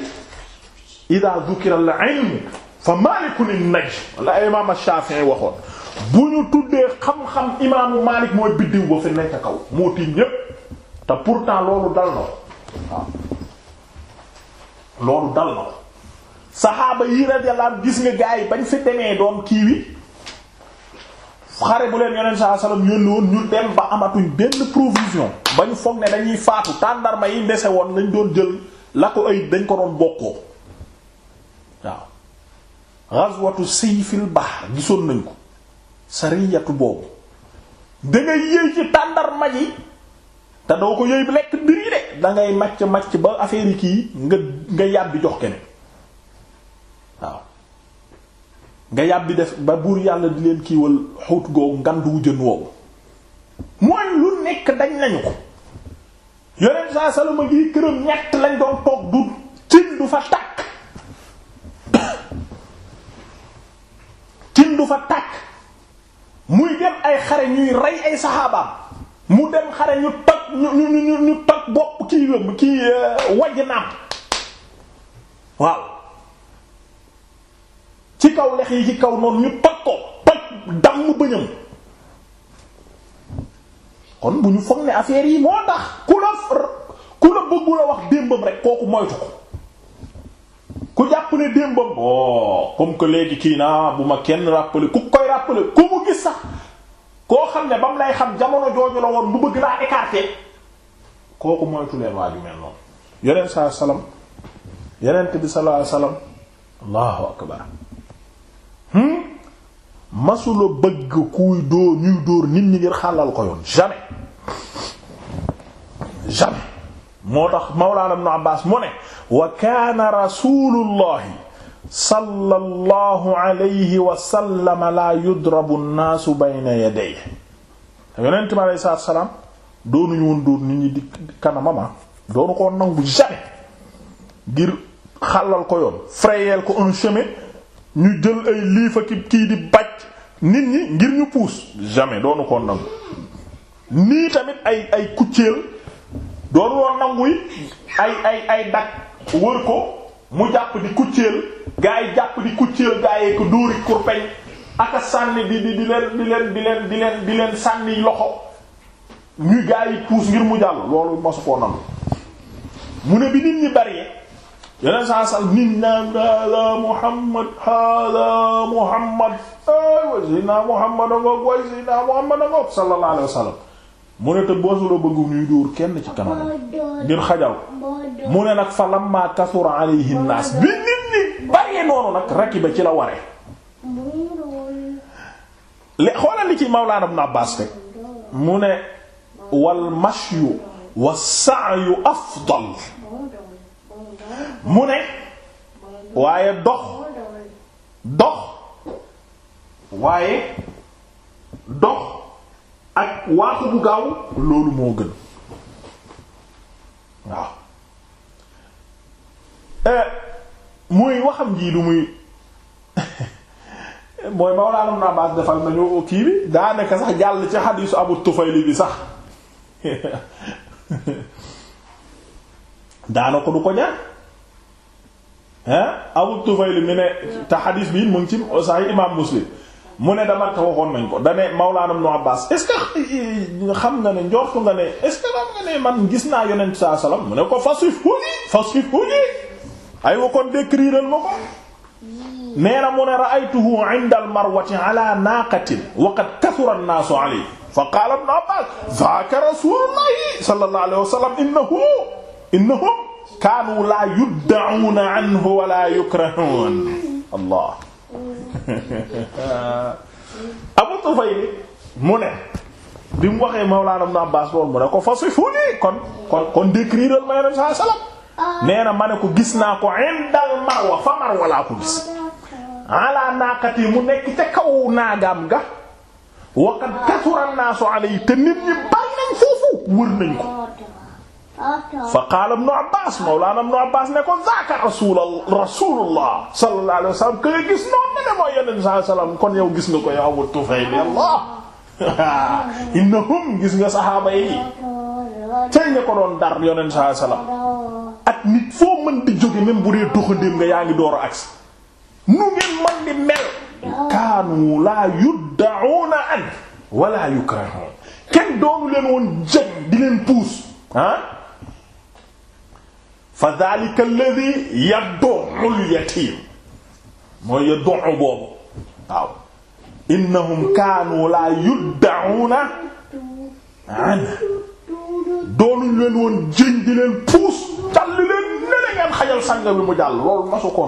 idaa dhukira al-ilmu fa Maalikun an la imaam Shaafi'i waxoon bu ñu tuddee xam-xam imaamu Maalik mooy biddiw ba fi nekk kaw moo tiim ñépp te pourtant loolu dal na loolu dal na ko saxaaba yi radiyallahu gis nga gaa bañ fi demee doom kiiwi xare bu leen yonent saa salaam yónni woon ñu dem ba amatuñ benn provision ba ñu foog ne dañuy faatu tàndarma yi ndese woon lañ doon jël la ko ay dañ ko doon bokkoo waaw ghazwatu sayfil bahr gisoon nañ ko sariyatu boobu dangay yëy ci tàndarma yi te doo ko yëy lekk mbir de dangay macc macc ba affaire yi kii nga nga yàbbi jox keneen nga yàbbi def ba buur yàlla di leen kiiwal xuut googu nganduwu jën woowu mooy lu nekk dañ nañu ko yonent saa salama ngi këram ñett lañ doon toog du cin du fa takk *coughs* cin du fa takk muy dem ay xare ñuy rey ay saxaabaam mu dem xare ñu toj ñu ñu ñu ñu toj bopp kii waj eh, naam waaw ci kaw lex yi ci kaw noonu ñu toj ko toj damm bëñam kon bu ñu foog ne affaire yi moo tax ku la ku la bëggul a wax démbam rek kooku moytu ko ku jàpp ne démbam oh comme que léegi kii naa bu ma kenn rappeler ku koy rappeler ku mu gis sax koo xam ne ba mu lay xam jamono jooju la woon mu bëgg laa écarter kooku moytu leen waa ju mel noonu. yeneen saa salaam yeneen bi sallallahu alayhi allahu akbar Hmm? masula bëgg kuy dóor ñuy dóor nit ñi ngir xàllal ko yoon jamais jamais moo tax mawlaana ibnu Abbaas mu ne wa kaana rasuulullahi sallallahu alayhi wa laa yudrabu nnaasu bayna yadayhi yonent bi alayhi salaatu wa salaam doonuñu woon dóor nit ñi di kanamama ah. doonu ko nangu jamais ngir xàllal ko yoon frayeel ko un chemin ñu jël ay liifa ki kii di bàcc nit ñi ngir ñu puus jamais doonu ko nangu nii tamit ay ay kucceel doonu woon nangu yi ay ay ay wër ko mu jàpp di kucceel gaa yi jàpp di kucceel gaa yi ko dóori kurpeñ aka sànni di di di leen di leen di leen di leen di loxo ñuy gaa yi puus ngir mu jàll loolu mosu koo nangu mu ne bi nit ñi bari yeneen saa sal nit naan hada Muhammad hada Muhammad aywa Seydina Muhammad a ngoog way Seydina Muhammad a ngoog sallallahu alayhi mu ne te boosula bëggu ñuy dóor kenn ci kanam ngir xajal mu ne nag fa lamma kasura alayhi naas bi nit ñi bari noonu nag rakiba ci la waree li xoolal li ci Mawlaana Ibn Abbaas rek mu ne wal mashyu was sa'yu afdal mu ne waaye dox dox waaye dox ak waaxu bu gaaw loolu moo gën waaw eh, muy waxam ji lu muy *laughs* mooy Mawlaana Ibn Abbaas defal nañu kii bi daanaka sax jàll ci xadiisu Abu Tufayli bi sax *laughs* daanaka du ko ñaan Abu Tufayl mi ne te xadiis bi mu ngi ci Sahih Imaam Muslim mu ne dama te waxoon nañ ko dane Mawlaana Ibn Abbaas est-ce eh, eh, xam nga ne njortu nga ne est-ce que xam nga man gis naa Yonent saa salaam mu ne ko fasifuni fasifuni ay wa kon décrire ma ko nee na mu ne ra'aytuhu 'inda al-marwati 'ala 'alayhi fa qaala Ibn Abbaas zaaka kaanu laa yudda'uuna anhu wala yukrahuun allah *laughs* Abu Tufayl mu ne bi mu waxee Mawlaana Ibn Abbaas loolu mu ne ko fasifuni kon kon kon décrire ma Yonent sallallahu alayhi wasallam ah. nee na ma ne ko gis naa ko indal Marwa fa Marwa laa ko gis ah, ala naaqati mu nekk ca kaw naagaam ga wa qad kasura an-naasu alayhi te nit ñi bari nañ foofu wër nañ ko ah, fa qaala ibnu Abbaas mawlaana ibnu Abbaas ne ko zaaka rasuulal rasuulullah sallallahu alayhi wa sallam kay salaam kon yow gis nga ko yow Abu Tufayl *laughs* gis nga saxaaba yi tey nga ko doon dar yeneen saa salaam ak nit foo mën di jóge même bu dee doxandéem nga yaa ngi door a agsi nu ngeen mën di mel. kaanu laa yudda'uuna an wala yukrahuun kenn doonu leen woon jëg di leen puus ah? fa dhalika alladhi yad'ul yatim mooy yad'u boobu waaw innahum kaanu laa yudda'una ana leen woon jëñ di leen puus tàll leen nele ngeen xajal sànga bi mu jàll loolu masu ko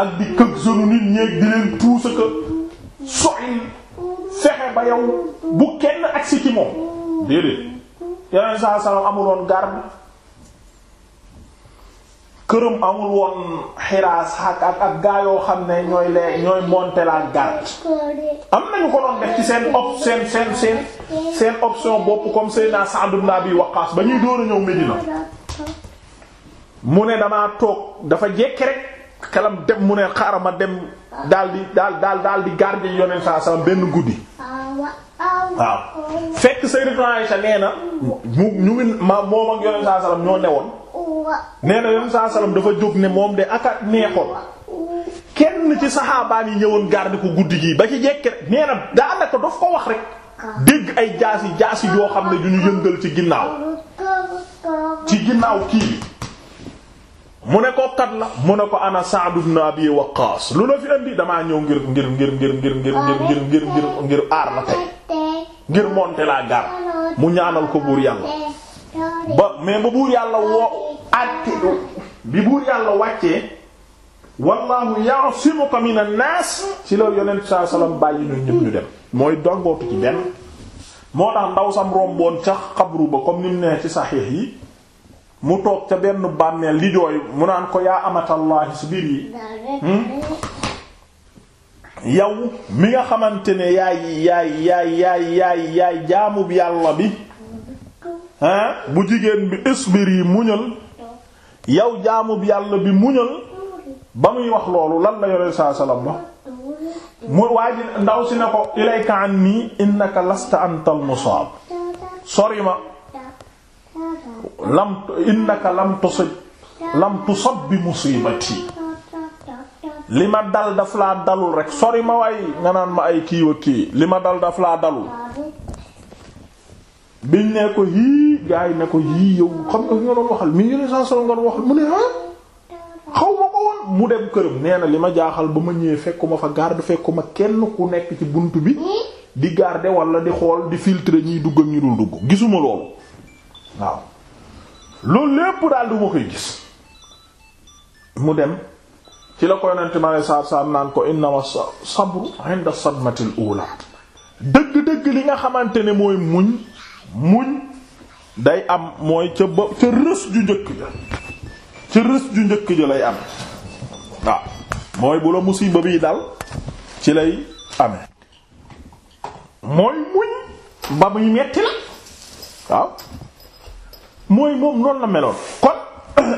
ak di këg nit ñeeg di leen puus aka soy fexe ba yow bu kenn agsi ci moom déedéet yeneen saa amuloon garde këram amul woon xiraas ak gaa yoo xam ne ñooy lee ñooy monter la garde am nañu ko doon ci seen op seen seen seen seen option bopp comme Seydina Sa'd ibn Abi Waqqas ba ñuy dóor a ñëw Medina mu ne damaa toog dafa jekki rek xelam dem mu ne xaaral ma dem daal di daal daal di garde yi saa sama benn guddi waaw fekk Sayyidatuna Aisha nee na mu ñu ngi ma moom ak saa salaam ñoo newoon nee na yoon saa salaam dafa jóg ne moom de aka neexoon kenn ci saxaabaan yi ñëwoon garde ko guddi gii ba ci jekki rek daanaka daf ko wax rek dégg ay jaasi jaasi joo xam ne du ñu yëngal ci ginnaaw ci ginnaaw kii mu ne ko kat la mu ne ko ana Sa'd ibn Abi Waqqas lu la fi indi damaa ñëw ngir ngir ngir ngir ngir ngir ngir ngir ngir ngir aar la tey ngir monter la garde mu ñaanal ko buur yàlla ba mais ba buur yàlla woo àtte bi buur yàlla wàccee wallahu ya'simuka minan naas ci la yonent saa salaam bàyyi ñun ñu dem mooy dongootu ci benn moo tax ndaw sam romboon ca xabru ba comme ni mu nee ci saxiix yi mu toog ca benn bànneel di jooy mu naan ko yaa amatallahi si biir yi hmm? yow mi nga xamante ne yaay yaay yaay yaay yaay jaamu jaamub yàlla bi bu jigéen bi yi muñal yow bi yàlla bi muñal ba muy wax loolu lan la yore saa salaam ndaw si ne ko ilayka anni innaka lasta bi musibati li ma dal daf laa dalul rek sori ma waay nga naan ma ay kii kii li ma dal daf laa dalul biñ ne ko yii gaa yi ne ko yii yow xam nga fi nga doon waxal mu ne ah, xaw ma ko woon mu dem këram nee na li ma jaaxal ba ma ñëwee fekkuma fa garde fekkuma kenn ku nekk ci bunt bi di garder wala di xool di filtre ñiy dugg ak dugg gisuma loolu waaw loolu lépp daal du ma koy gis mu dem ci la koy nante ma ne saar saar naan ko innama sabru inda sadmatil ula dëgg-dëgg li nga xamante ne mooy muñ muñ day am mooy ca ba ca rës ju njëkk ja ca rës ju njëkk ja lay am waaw mooy bu la musiba bi dal ci lay amee mooy muñ ba muy metti la waaw mooy moom noonu la meloon kon *coughs*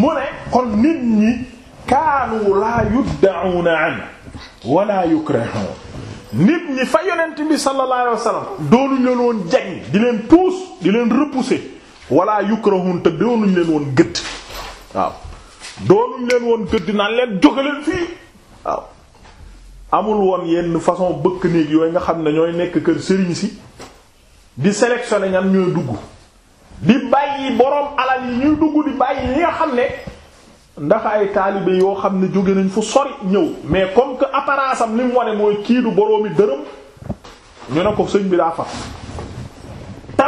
mu ne kon nit ñi kaanu laa yudda'una an wala yukrahun nit ñi fa yonent bi sallallahu alayhi wasallam doonuñ leen woon jañ di leen puus di leen repousser wala yukrahun te doonuñ leen woon gëdd waaw doonuñ leen woon gëdd naan leen jógaleen fii waaw amul woon yenn façon bëkk néeg yooyu nga xam ne ñooy nekk kër sëriñ si di sélectionner ñan ñooy dugg di bàyyi boroom alal yi ñuy dugg di bàyyi ñi nga xam ne ndax ay taalibe yoo xam ne jóge nañ fu sori ñëw mais comme que apparence am li mu wane mooy kii du boroomi dërëm ñu ne ko sëñ bi daa far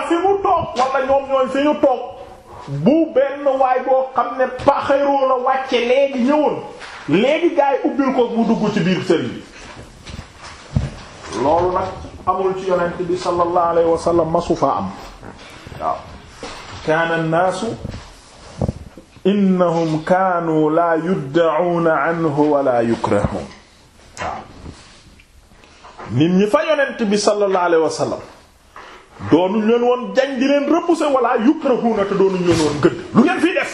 te mu toog wala ñoom ñooy fi ñu toog bu benn waay boo xam ne paxeroo la wàcce léegi ñëwoon léegi gaa yi ko mu dugg ci biir sëriñ bi loolu nag amul ci yonent bi sallallahu alayhi wa sallam am waaw kaana naasu innahum kaanu laa yudda'uuna anhu wala yukrahuun waaw ñi fa yonent bi sallallahu alayhi wa sallam woon jañ di leen repousser wala yukrahuuna te doonuñ woon gëdd lu ngeen fii def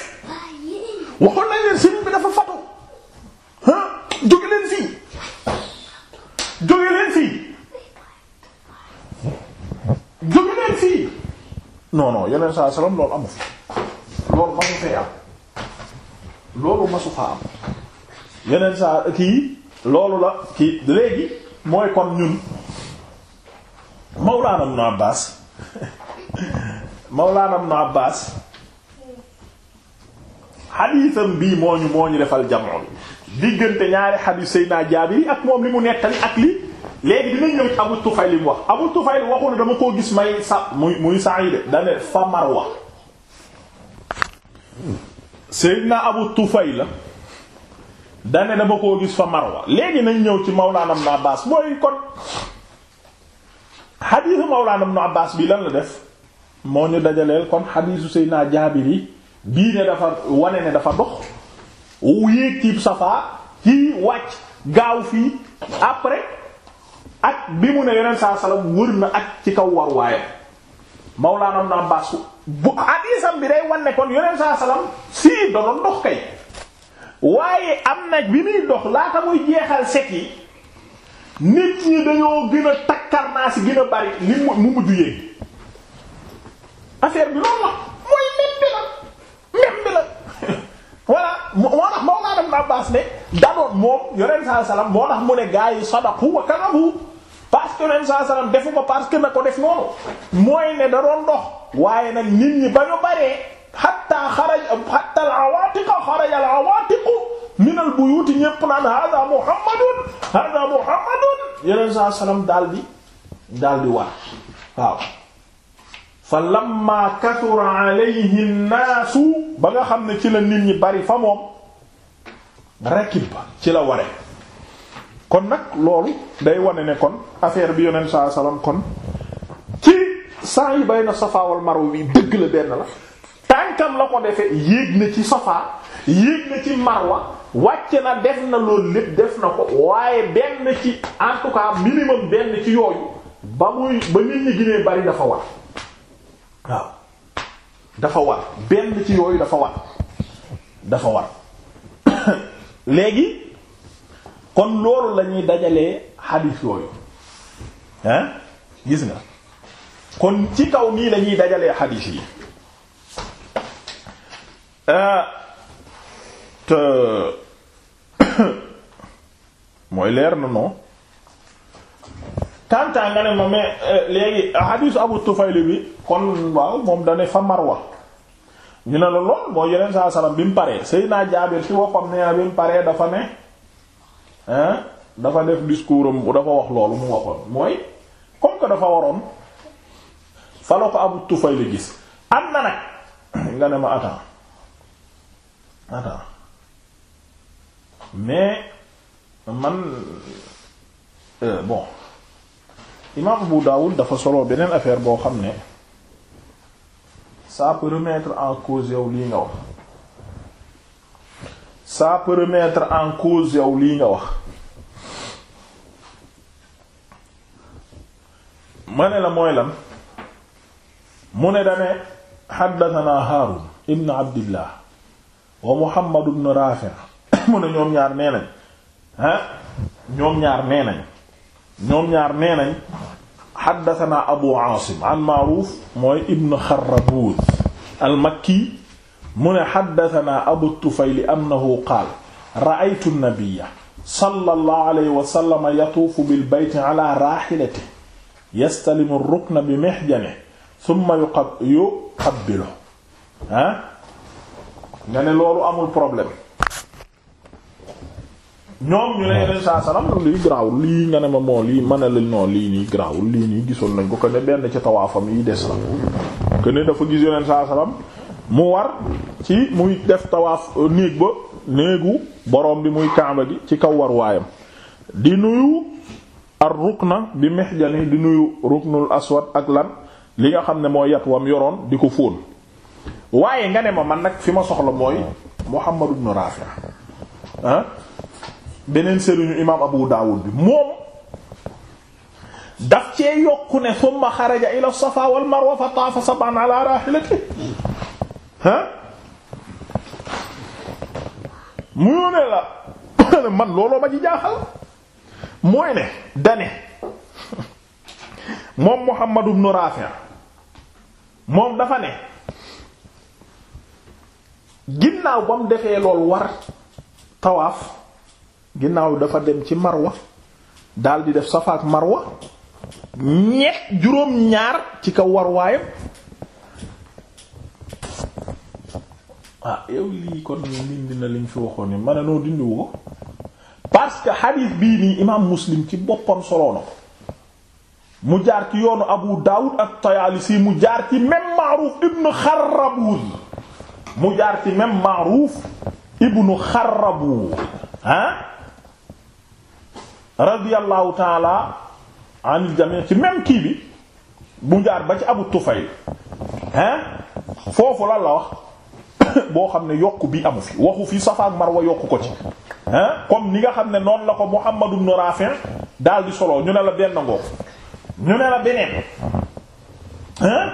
waxoon nañ leen sëriñ bi dafa fatu ah jóge leen fii jóge leen fii jóge leen salaam loolu amu fi loolu ma loolu masu fa am yeneen saa kii loolu la kii léegi mooy kon ñun Mawlaana Ibn Abbaas Mawlaana Ibn Abbaas xadiisam bii moo ñu moo ñu defal jamono diggante ñaari xadiis Seydina Jaabir ak moom li mu nettali ak li léegi dinañ ñëw Abu Tufayl wax Abu Tufayl waxu dama koo gis may sa muy muy saa yi de da ne Famar wax. Seydina Abu Tufayla dane dama koo gis fa Marwa léegi nañ ñëw ci Mawlaana Ibn Abbaas mooy kon xadiisu Mawlaana Ibn Abbaas bi lan la def moo ñu dajaleel kon xadiisu Seydina Jaabir yi bii ne dafa wane ne dafa dox yéeg ci Safaa kii wàcc gaaw fii après ak bi mu ne yeneen saa salaam wër na ak ci kaw war waaye Mawlaana Ibn Abbaas bu hadiisam bi day wan ne kon yonent saa salaam sii doon dox kay waaye am na bi muy dox laata muy jeexal set yi nit ñi dañoo gën a takkar naa si gën a bari li mu mujj yéeg affaire bi loolu la mooy même bi la même bi la *laughs* voilà moo tax Mawlaana Ibn Abbaas ne danoon moom yonent saa salaam moo tax mu ne gaa yi sadaqu wa kanamu parce que leen saa salaam defu ko parce que na ko def noonu mooy ne da doon dox waaye nag nit ñi ba ñu baree hatta xaraj hatta al awaatiqa xaraj al awaatiqu min al buyuti ñépp naan hada muhammadun hada muhammadun yeneen saa salaam daal di daal di war waaw fa lamma kathura alayhi an-naasu ba nga xam ne ci la nit ñi bari fa moom rakib ci la ware kon nag loolu day wane ne kon affaire bi yonent saa salaam kon ci saa yi bay na Safa wal Marwa bi dëgg la benn la tànkam la ko defee yéeg na ci Safa yéeg na ci Marwa wàcce na def na loolu lépp def na ko waaye benn ci en tout cas minimum benn ci yooyu ba muy ba nit ñi ginee bari dafa war waaw dafa war benn ci yooyu dafa war dafa war *coughs* léegi kon loolu la ñuy dajalee xadiis yooyu hein gis nga kon ci kaw nii lañuy dajalee xadiis yi euh, *coughs* mooy leer na non tanta nga ne ma mais euh, léegi xadiisu Abu Tufayl bi kon waaw moom dane fa Marwa ñu ne la lool moo yeneen saa salaam bi mu paree Seydina Jaabir ci woppam nee na bi mu paree dafa ne dafa def discours am dafa wax loolu mu waxoon mooy comme que dafa waroon falo la ko Abu Tufayl gis am na nag *coughs* nga ne ma attends attends mais man euh, bon imam Abu Dawud dafa solo beneen affaire boo xam ne sa peut en cause yow lii nga wax ça peut en cause yow lii nga wax ma ne la mooy lan mu ne dane xaddatana haarun ibn abdillah wa muhammad ibn rafi' *coughs* mu ne ñoom ñaar nee nañ ñoom ñaar nee ñoom ñaar nee nañ abu aasim an maaruuf mooy ibn xarrabuud al makki mu ne xaddatanaa abu tufayli am qaal ra'aytu nabiyya sallallahu alayhi wa sallam yatuufu bil bayti ala raaxilati yastalimu rukna bi mexjane summa yuqabbilu ah nga ne loolu amul problème ñoom lii nga ne ma moo lii ma ne la non lii nii garaawul gisoon nañ ko que ne benn ci tawaafam yi des ne dafa gis salaam mu war ci muy def tawaaf euh, néeg ba néegu borom bi muy kaaba gi ci kaw war waayam di nuyu ar rukna bi mihjani di nuyu ruknul aswad ak lan li nga xam ne moo yat wam yoroon di ko fóon waaye nga ne ma man nag fi ma soxla mooy Muhammad ibn Rafi ah beneen sëriñu imaam Abu Dawud bi moom daf cee yokku ne summa xaraja ila safa wal marwa fa taafa saban ala rahilati mu munoo la *coughs* man looloo ma ci jaaxal mooy ne dane *laughs* moom Muhammad ibn moom dafa ne ginnaaw ba mu defee lool war tawaaf ginnaaw dafa dem ci marwa daal di def safaak marwa ñeex juróom ñaar ci kaw war waayam ah yow lii kon dindi na liñ fi waxoon ni ma ne noo dindiwu ko parce que xadiis bii nii imaam muslim ci boppam soloo ko mu jaar ci yoonu abu daawud ak tayaalisi mu jaar ci même maaruuf ibnu xarrabuuz mu jaar ci même maaruuf ibnu jamii ci même kii bi mu jaar ba ci abu tufayl ah foofu lan la wax *coughs* boo xam ne yokk bi amu fi waxu fi Safa ak Marwa yokk ko ci comme ni nga xam ne noonu la ko Muhammad ibn Rafi daal di solo ñu ne la benn ngoog ñu ne la beneen ah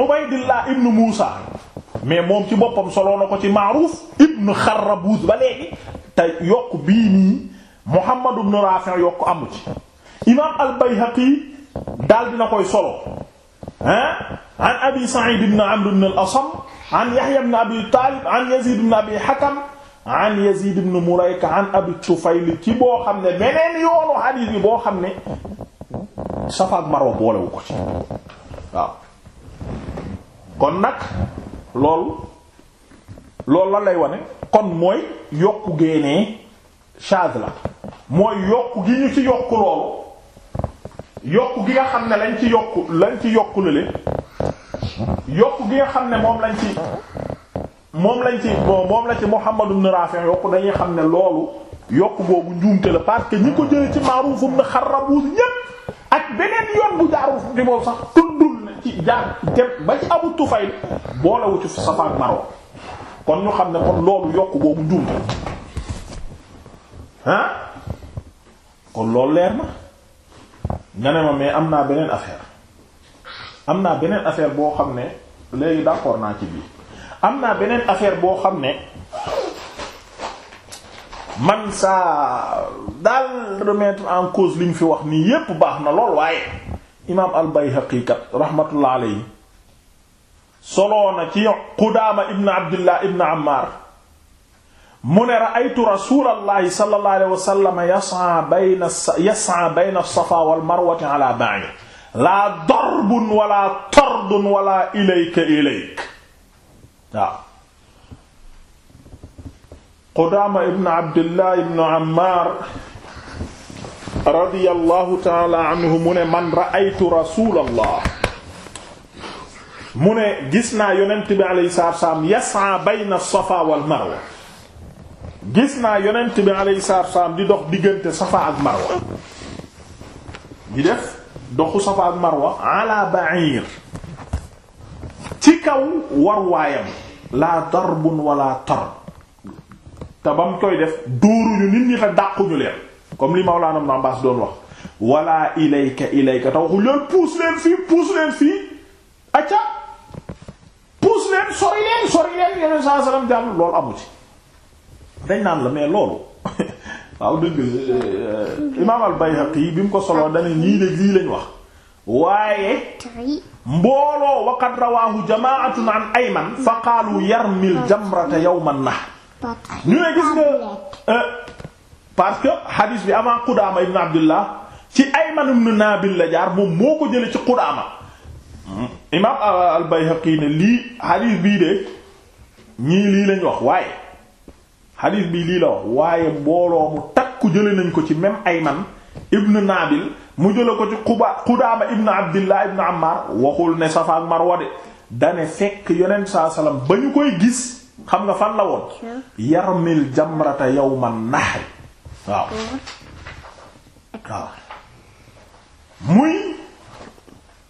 Ubaydillah ibn Musa mais moom ci boppam soloo na ko ci Ma'ruf ibn Kharrabuz ba léegi te yokk bii nii Muhammad ibn Rafi yokk amu ci imam al-Bayhaqi di na koy solo ah an abi Sa'id ibn Amr ibn al-Asam an Yahya ibn Abi Talib an Yazid ibn Abi Hakam an Yazid ibn Mulayka an Abi Tufayl ci boo xam ne beneen yoonu hadith bi boo xam ne Safa ak Marwa boolewu ko ci waaw kon nag loolu loolu la lay wane kon mooy yokku génnee charge la mooy yokku gi ñu ci yokku loolu yokk gi nga xam ne lañ ci yokk lañ ci yokk lële yokk gi nga xam ne moom lañ ci moom lañ ci moom la ci Muhammad ibn Rafi yokk dañuy xam ne loolu yokk boobu njuumte la parce que ñi ko jëlee ci Ma'ruf ibn Kharrabuuz ñépp ak beneen yoon bu jaarul fi moom sax tuddul na ci jaar dem ba ci Abu Tufayl boolewu ci Safaa ak kon ñu xam ne kon loolu yokk boobu njuumte ah kon lool leer na. nga ne ma mais am naa beneen affaire am naa beneen affaire boo xam ne léegi d'accord naa ci bii am naa beneen affaire boo xam ne man saa daal remettre en cause li ñu fi wax nii yépp baax na lool waaye imaam al-Bayhaqi kat rahmatullah alayhi soloona ci Qudaama ibn Abdullah ibn Ammar mu ne ra'aytu rasulallahi sallallahu alayhi wa sallam yas'a bayna yas'a bayna as-safa wal marwati ala ba'ir laa darbun wala tardun wala ilayka ilayk waaw Qudaama ibn Abdullah ibn Ammar radiyallahu ta'ala anhu mu ne man ra'aytu rasulallah mu ne gis naa yonent bi alayhi salaam yas'a bayna as-safa wal marwa gis naa yonent bi alayhi salaatu wassalaam di dox diggante safa ak marwa di def doxu safa ak marwa ala ba'ir ci kaw war waayam laa darbun wala tar te ba mu koy def dóoruñu nit ñi te dàquñu leen comme li Mawlana Ibn Abbas doon wax wala ilayka ilayka te waxuñ leen puus leen fii puus leen fii acca puus leen sori leen sori leen yeneen salaam jàll loolu amu dañ naan la mais loolu *laughs* waaw dëgg euh, imaam al yi bi mu ko soloo dana lii de lii lañ wax waaye mbooloo wa qad rawaahu jamaatun an ayman fa qaalu yarmil jamrata yawma nahr ñu ne gis nga euh, parce que hadith bi amaa Qudaama ibn Abdullah ci Ayman ibn Nabil la jaar moom moo ko jëlee ci Qudaama imaam al-Bayhaqi ne lii hadith bii de ñii lii lañ wax waaye xadiis bi lii la wax waaye mbooloo mu takku jële nañ ko ci même Ayman ibn Nabil mu jële ko ci Quba Qudaama ibn Abdillah ibn Ammar waxul ne Safa ak dane fekk yonent saa salaam ba ñu koy gis xam nga fan la woon yarmil jamrata yawman nahr waaw waaw muy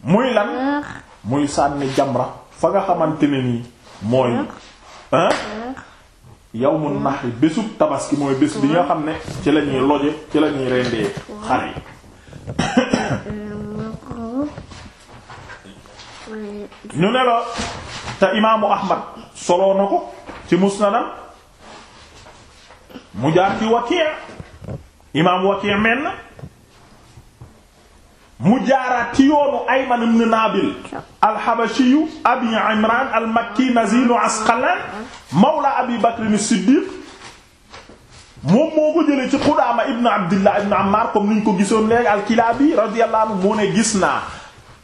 muy lan muy sànni jamra fa nga xamante ne nii mooy hein yawmun nahr bésub tabaski mooy bés bi nga xam ne ci la ñuy loje ci la ñuy rendee xar yi *coughs* ñu ne la te imaamu ahmad soloo na ko ci musnadam mu jaar ci Waki' imaam Waki' menn mu jaaraat ci yoonu Ayman ibn Nabil al-Habashiyu Abi Imran al-Makki nazilu Asqalan mawla Abi Bakr as-Siddiq moom moo ko jëlee ci Qudaama ibn Abdillah ibn Ammar comme niñ ko gisoon léegi al-Kilabi radiyallahu anhu moo ne gis naa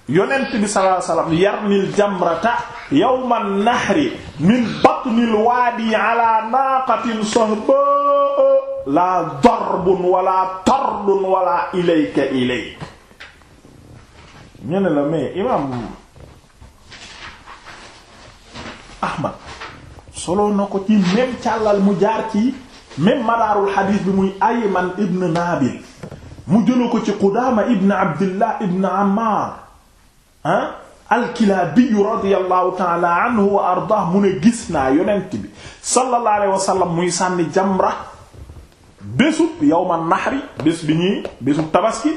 yonent bi sallallahu alayhi wasallam yarmil jamrata yawma an-nahri min batnil waadi ala naqatin sahba la darbun wala tardun wala ilayka ilayk ñu ne la mais imaam Ahmad solo na ko ci même càllal mu jaar ci même madaarul xadiis bi muy Ayman ibn Nabil mu jëla ko ci Qudaama ibn Abdillah ibn Ammar ah alkilaabiyu radiyallahu taala wa ardah mu ne gis naa yonent bi sallallahu alayhi wa sallam muy sànni jamra bésub yawma nahri bés bi ñuy bésub tabaski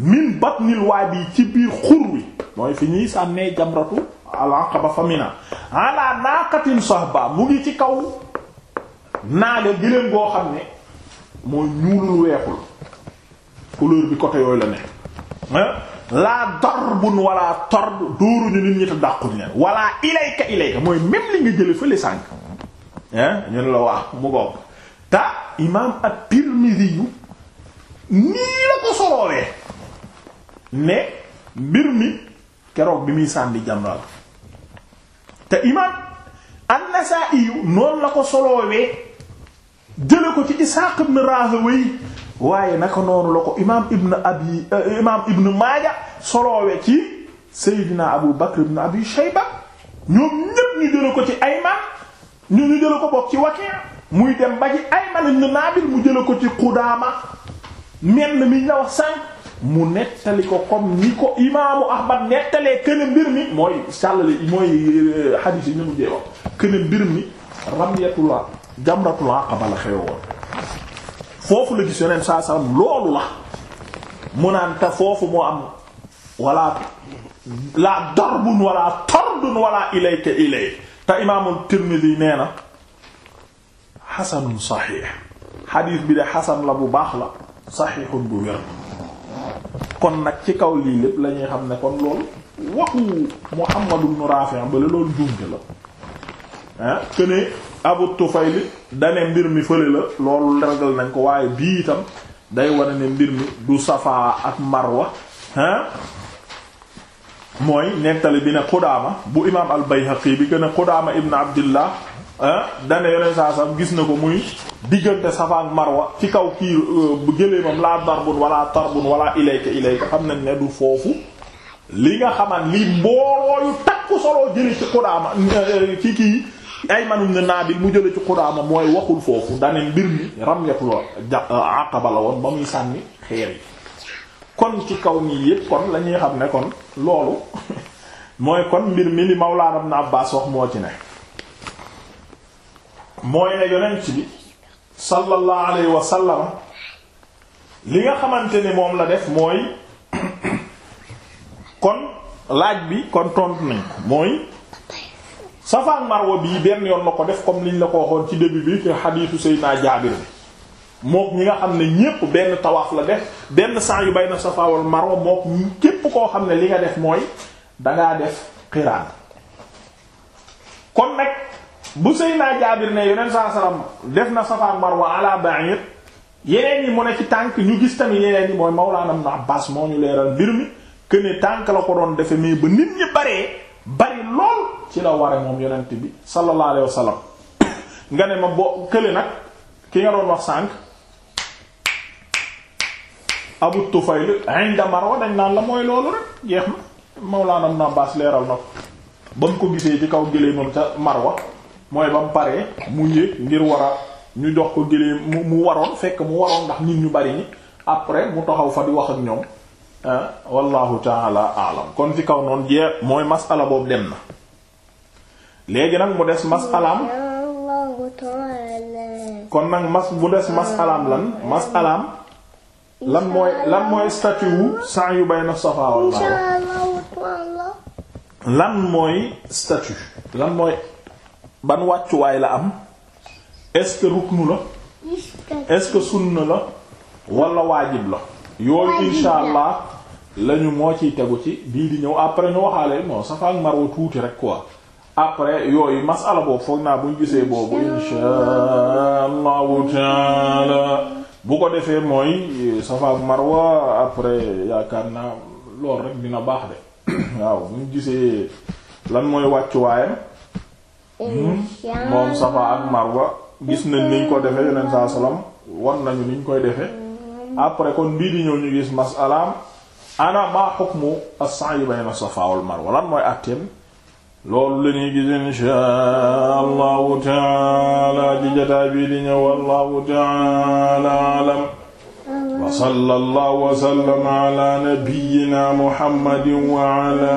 min batnil waadi ci biir xur wi mooy fi ñuy sànnee jamratu al-aqaba fa mina ala naqatin sahba mu ngi ci kaw naaga gëléem goo xam ne mooy ñuulul weexul couleur bi côté yooyu la ne laa darbun wala tord dóoruñu nit ñi te dàquñ leen wala ilayka ilayka mooy même li nga jële fële sànk ah ñu la wax mu ngoog ta imam at-Tirmidhi nii la ko soroowee ne mbir mi keroog bi muy sànni jamra la te imaam an-Nasaa'i noonu la ko soloowee jële ko ci Isaaq ibn Rahawayh waaye naka noonu la ko imaam ibn abi euh, imaam ibn Maaja soloowee ci Seydina Abu Bakr ibn Abi Shayba ñoom ñépp ñu jële ko ci Ayman ñu ñu jële ko bokk ci Waki' muy dem ba ci Ayman ibn Naabil mu jële ko ci Qudaama menn mi ñu la wax sànq mu nettali ko comme ni ko imaamu Ahmad nettalee këne mbir mi mooy sàllale mooy euh, hadith yi ni mu jee wax këne mbir mi ramyatul jamratul aqaba la xewoon foofu la gis yoneen saa salaam loolu la mu naan te foofu moo am la darbun wala tardun wala ilayka ilay te imaamu Tirmidhi nee na xasanun saxiix xadiis bi de xasan la bu baax la saxiixun bu wér kon nag ci kaw lii lépp lañuy xam ne kon loolu waxu Muhammad ibn Rafi' ba la loolu juumte la ah que Abu Tufayl dane mbir mi fële la loolu ragal nañ ko waaye bii itam day wane ne mbir mi du Safa ak Marwa ah mooy nettali bi ne Qudaama bu imaam al-Bayhaqi bi gën a Qudaama ibn Abdillah dane yoneen saa sam gis na ko muy diggante Safa ak Marwa ci kaw kii euh, gëléemam laa darbun wala tarbun wala ilayka ilayka xam nañ ne du foofu li nga xaman nii mbooloo yu takku solo jële ci Qudaama euh, ci kii ay manum na naabil mu jële ci Qudaama mooy waxul foofu dane mbir mi ramyatul euh, Aqaba la woon ba muy sànni xeer yi kon ci kaw nii yépp kon lañuy xam ne kon loolu *laughs* mooy kon mbir mi li Mawlaana Ibn Abbaas wax moo ci ne mooy ne yonent bi sallallahu alayhi wa sallam li nga xamante ni moom la def mooy *coughs* kon laaj bi kon tontu nañ mooy Safa ak Marwa bii benn yoon la ko def comme liñ la ko waxoon ci début bi ci xadiisu Seydina Jaabir bi mook ñi nga xam ne ñépp benn tawaaf la def benn saa yu bayna Safa wal Marwa mook képp koo xam ne li nga def mooy dangaa def xiraan kon nag bu Seydina Jaabir ne yonent saa salaam def na Safa ak Marwa ala ba'ir yeneen yi mu ne ci tànk ñu gis tamit yeneen yi mooy Mawlaana Ibn Abbaas moo ñu leeral mbir mi que tànk la ko doon defe mais ba nit ñi baree bari lool ci la ware moom yonent bi sallallahu alayhi wa sallam nga ne ma boo kële nag ki nga doon wax sànq Abu Tufayl inda Marwa dañ naan la mooy loolu rek jeex na Mawlaana Ibn Abbaas leeral na ko ba mu ko gisee ci kaw gëléemam ca Marwa mooy ba pare mu yéeg ngir war ñu jox ko géléem mu mu waroon fekk mu waroon ndax nit ñu bari ñi après mu taxaw fa di wax ak ñoom ah wallahu taala alam kon ci kaw noonu jee mooy masala boobu dem na léegi nag mu des masalaam kon nag mas mu des masalaam lan masalaam lan mooy lan mooy statut wu san yu bayna safa wal marwa lan mooy statut lan mooy ban wàccuwaay la am est-ce que ruknu la est-ce que sunna la wala waajib la yooyu insha allah lañu moo ciy tegu ci bii di ñëw après ñu waxaale moo safa ak marwa tuuti rek quoi après yooyu masala boobu foog naa buñ gisee boobu insha allahu taala bu ko defee mooy safa ak marwa après yaakaar naa loolu rek dina baax de *coughs* waaw buñ gisee lan mooy wàccuwaayam moom Safa ak Marwa gis nañ niñ ko defee yonent saa salaam wan nañu niñ koy defee après kon bii di ñëw ñu gis masalaam ana maa hukmu as-sa'y bayna Safa wal Marwa lan mooy àtteem loolu la gis inshaa Allahu ta'ala ci jotaay bii di ñëw wallahu ta'ala a'lam wa sallallahu wa sallama wa ala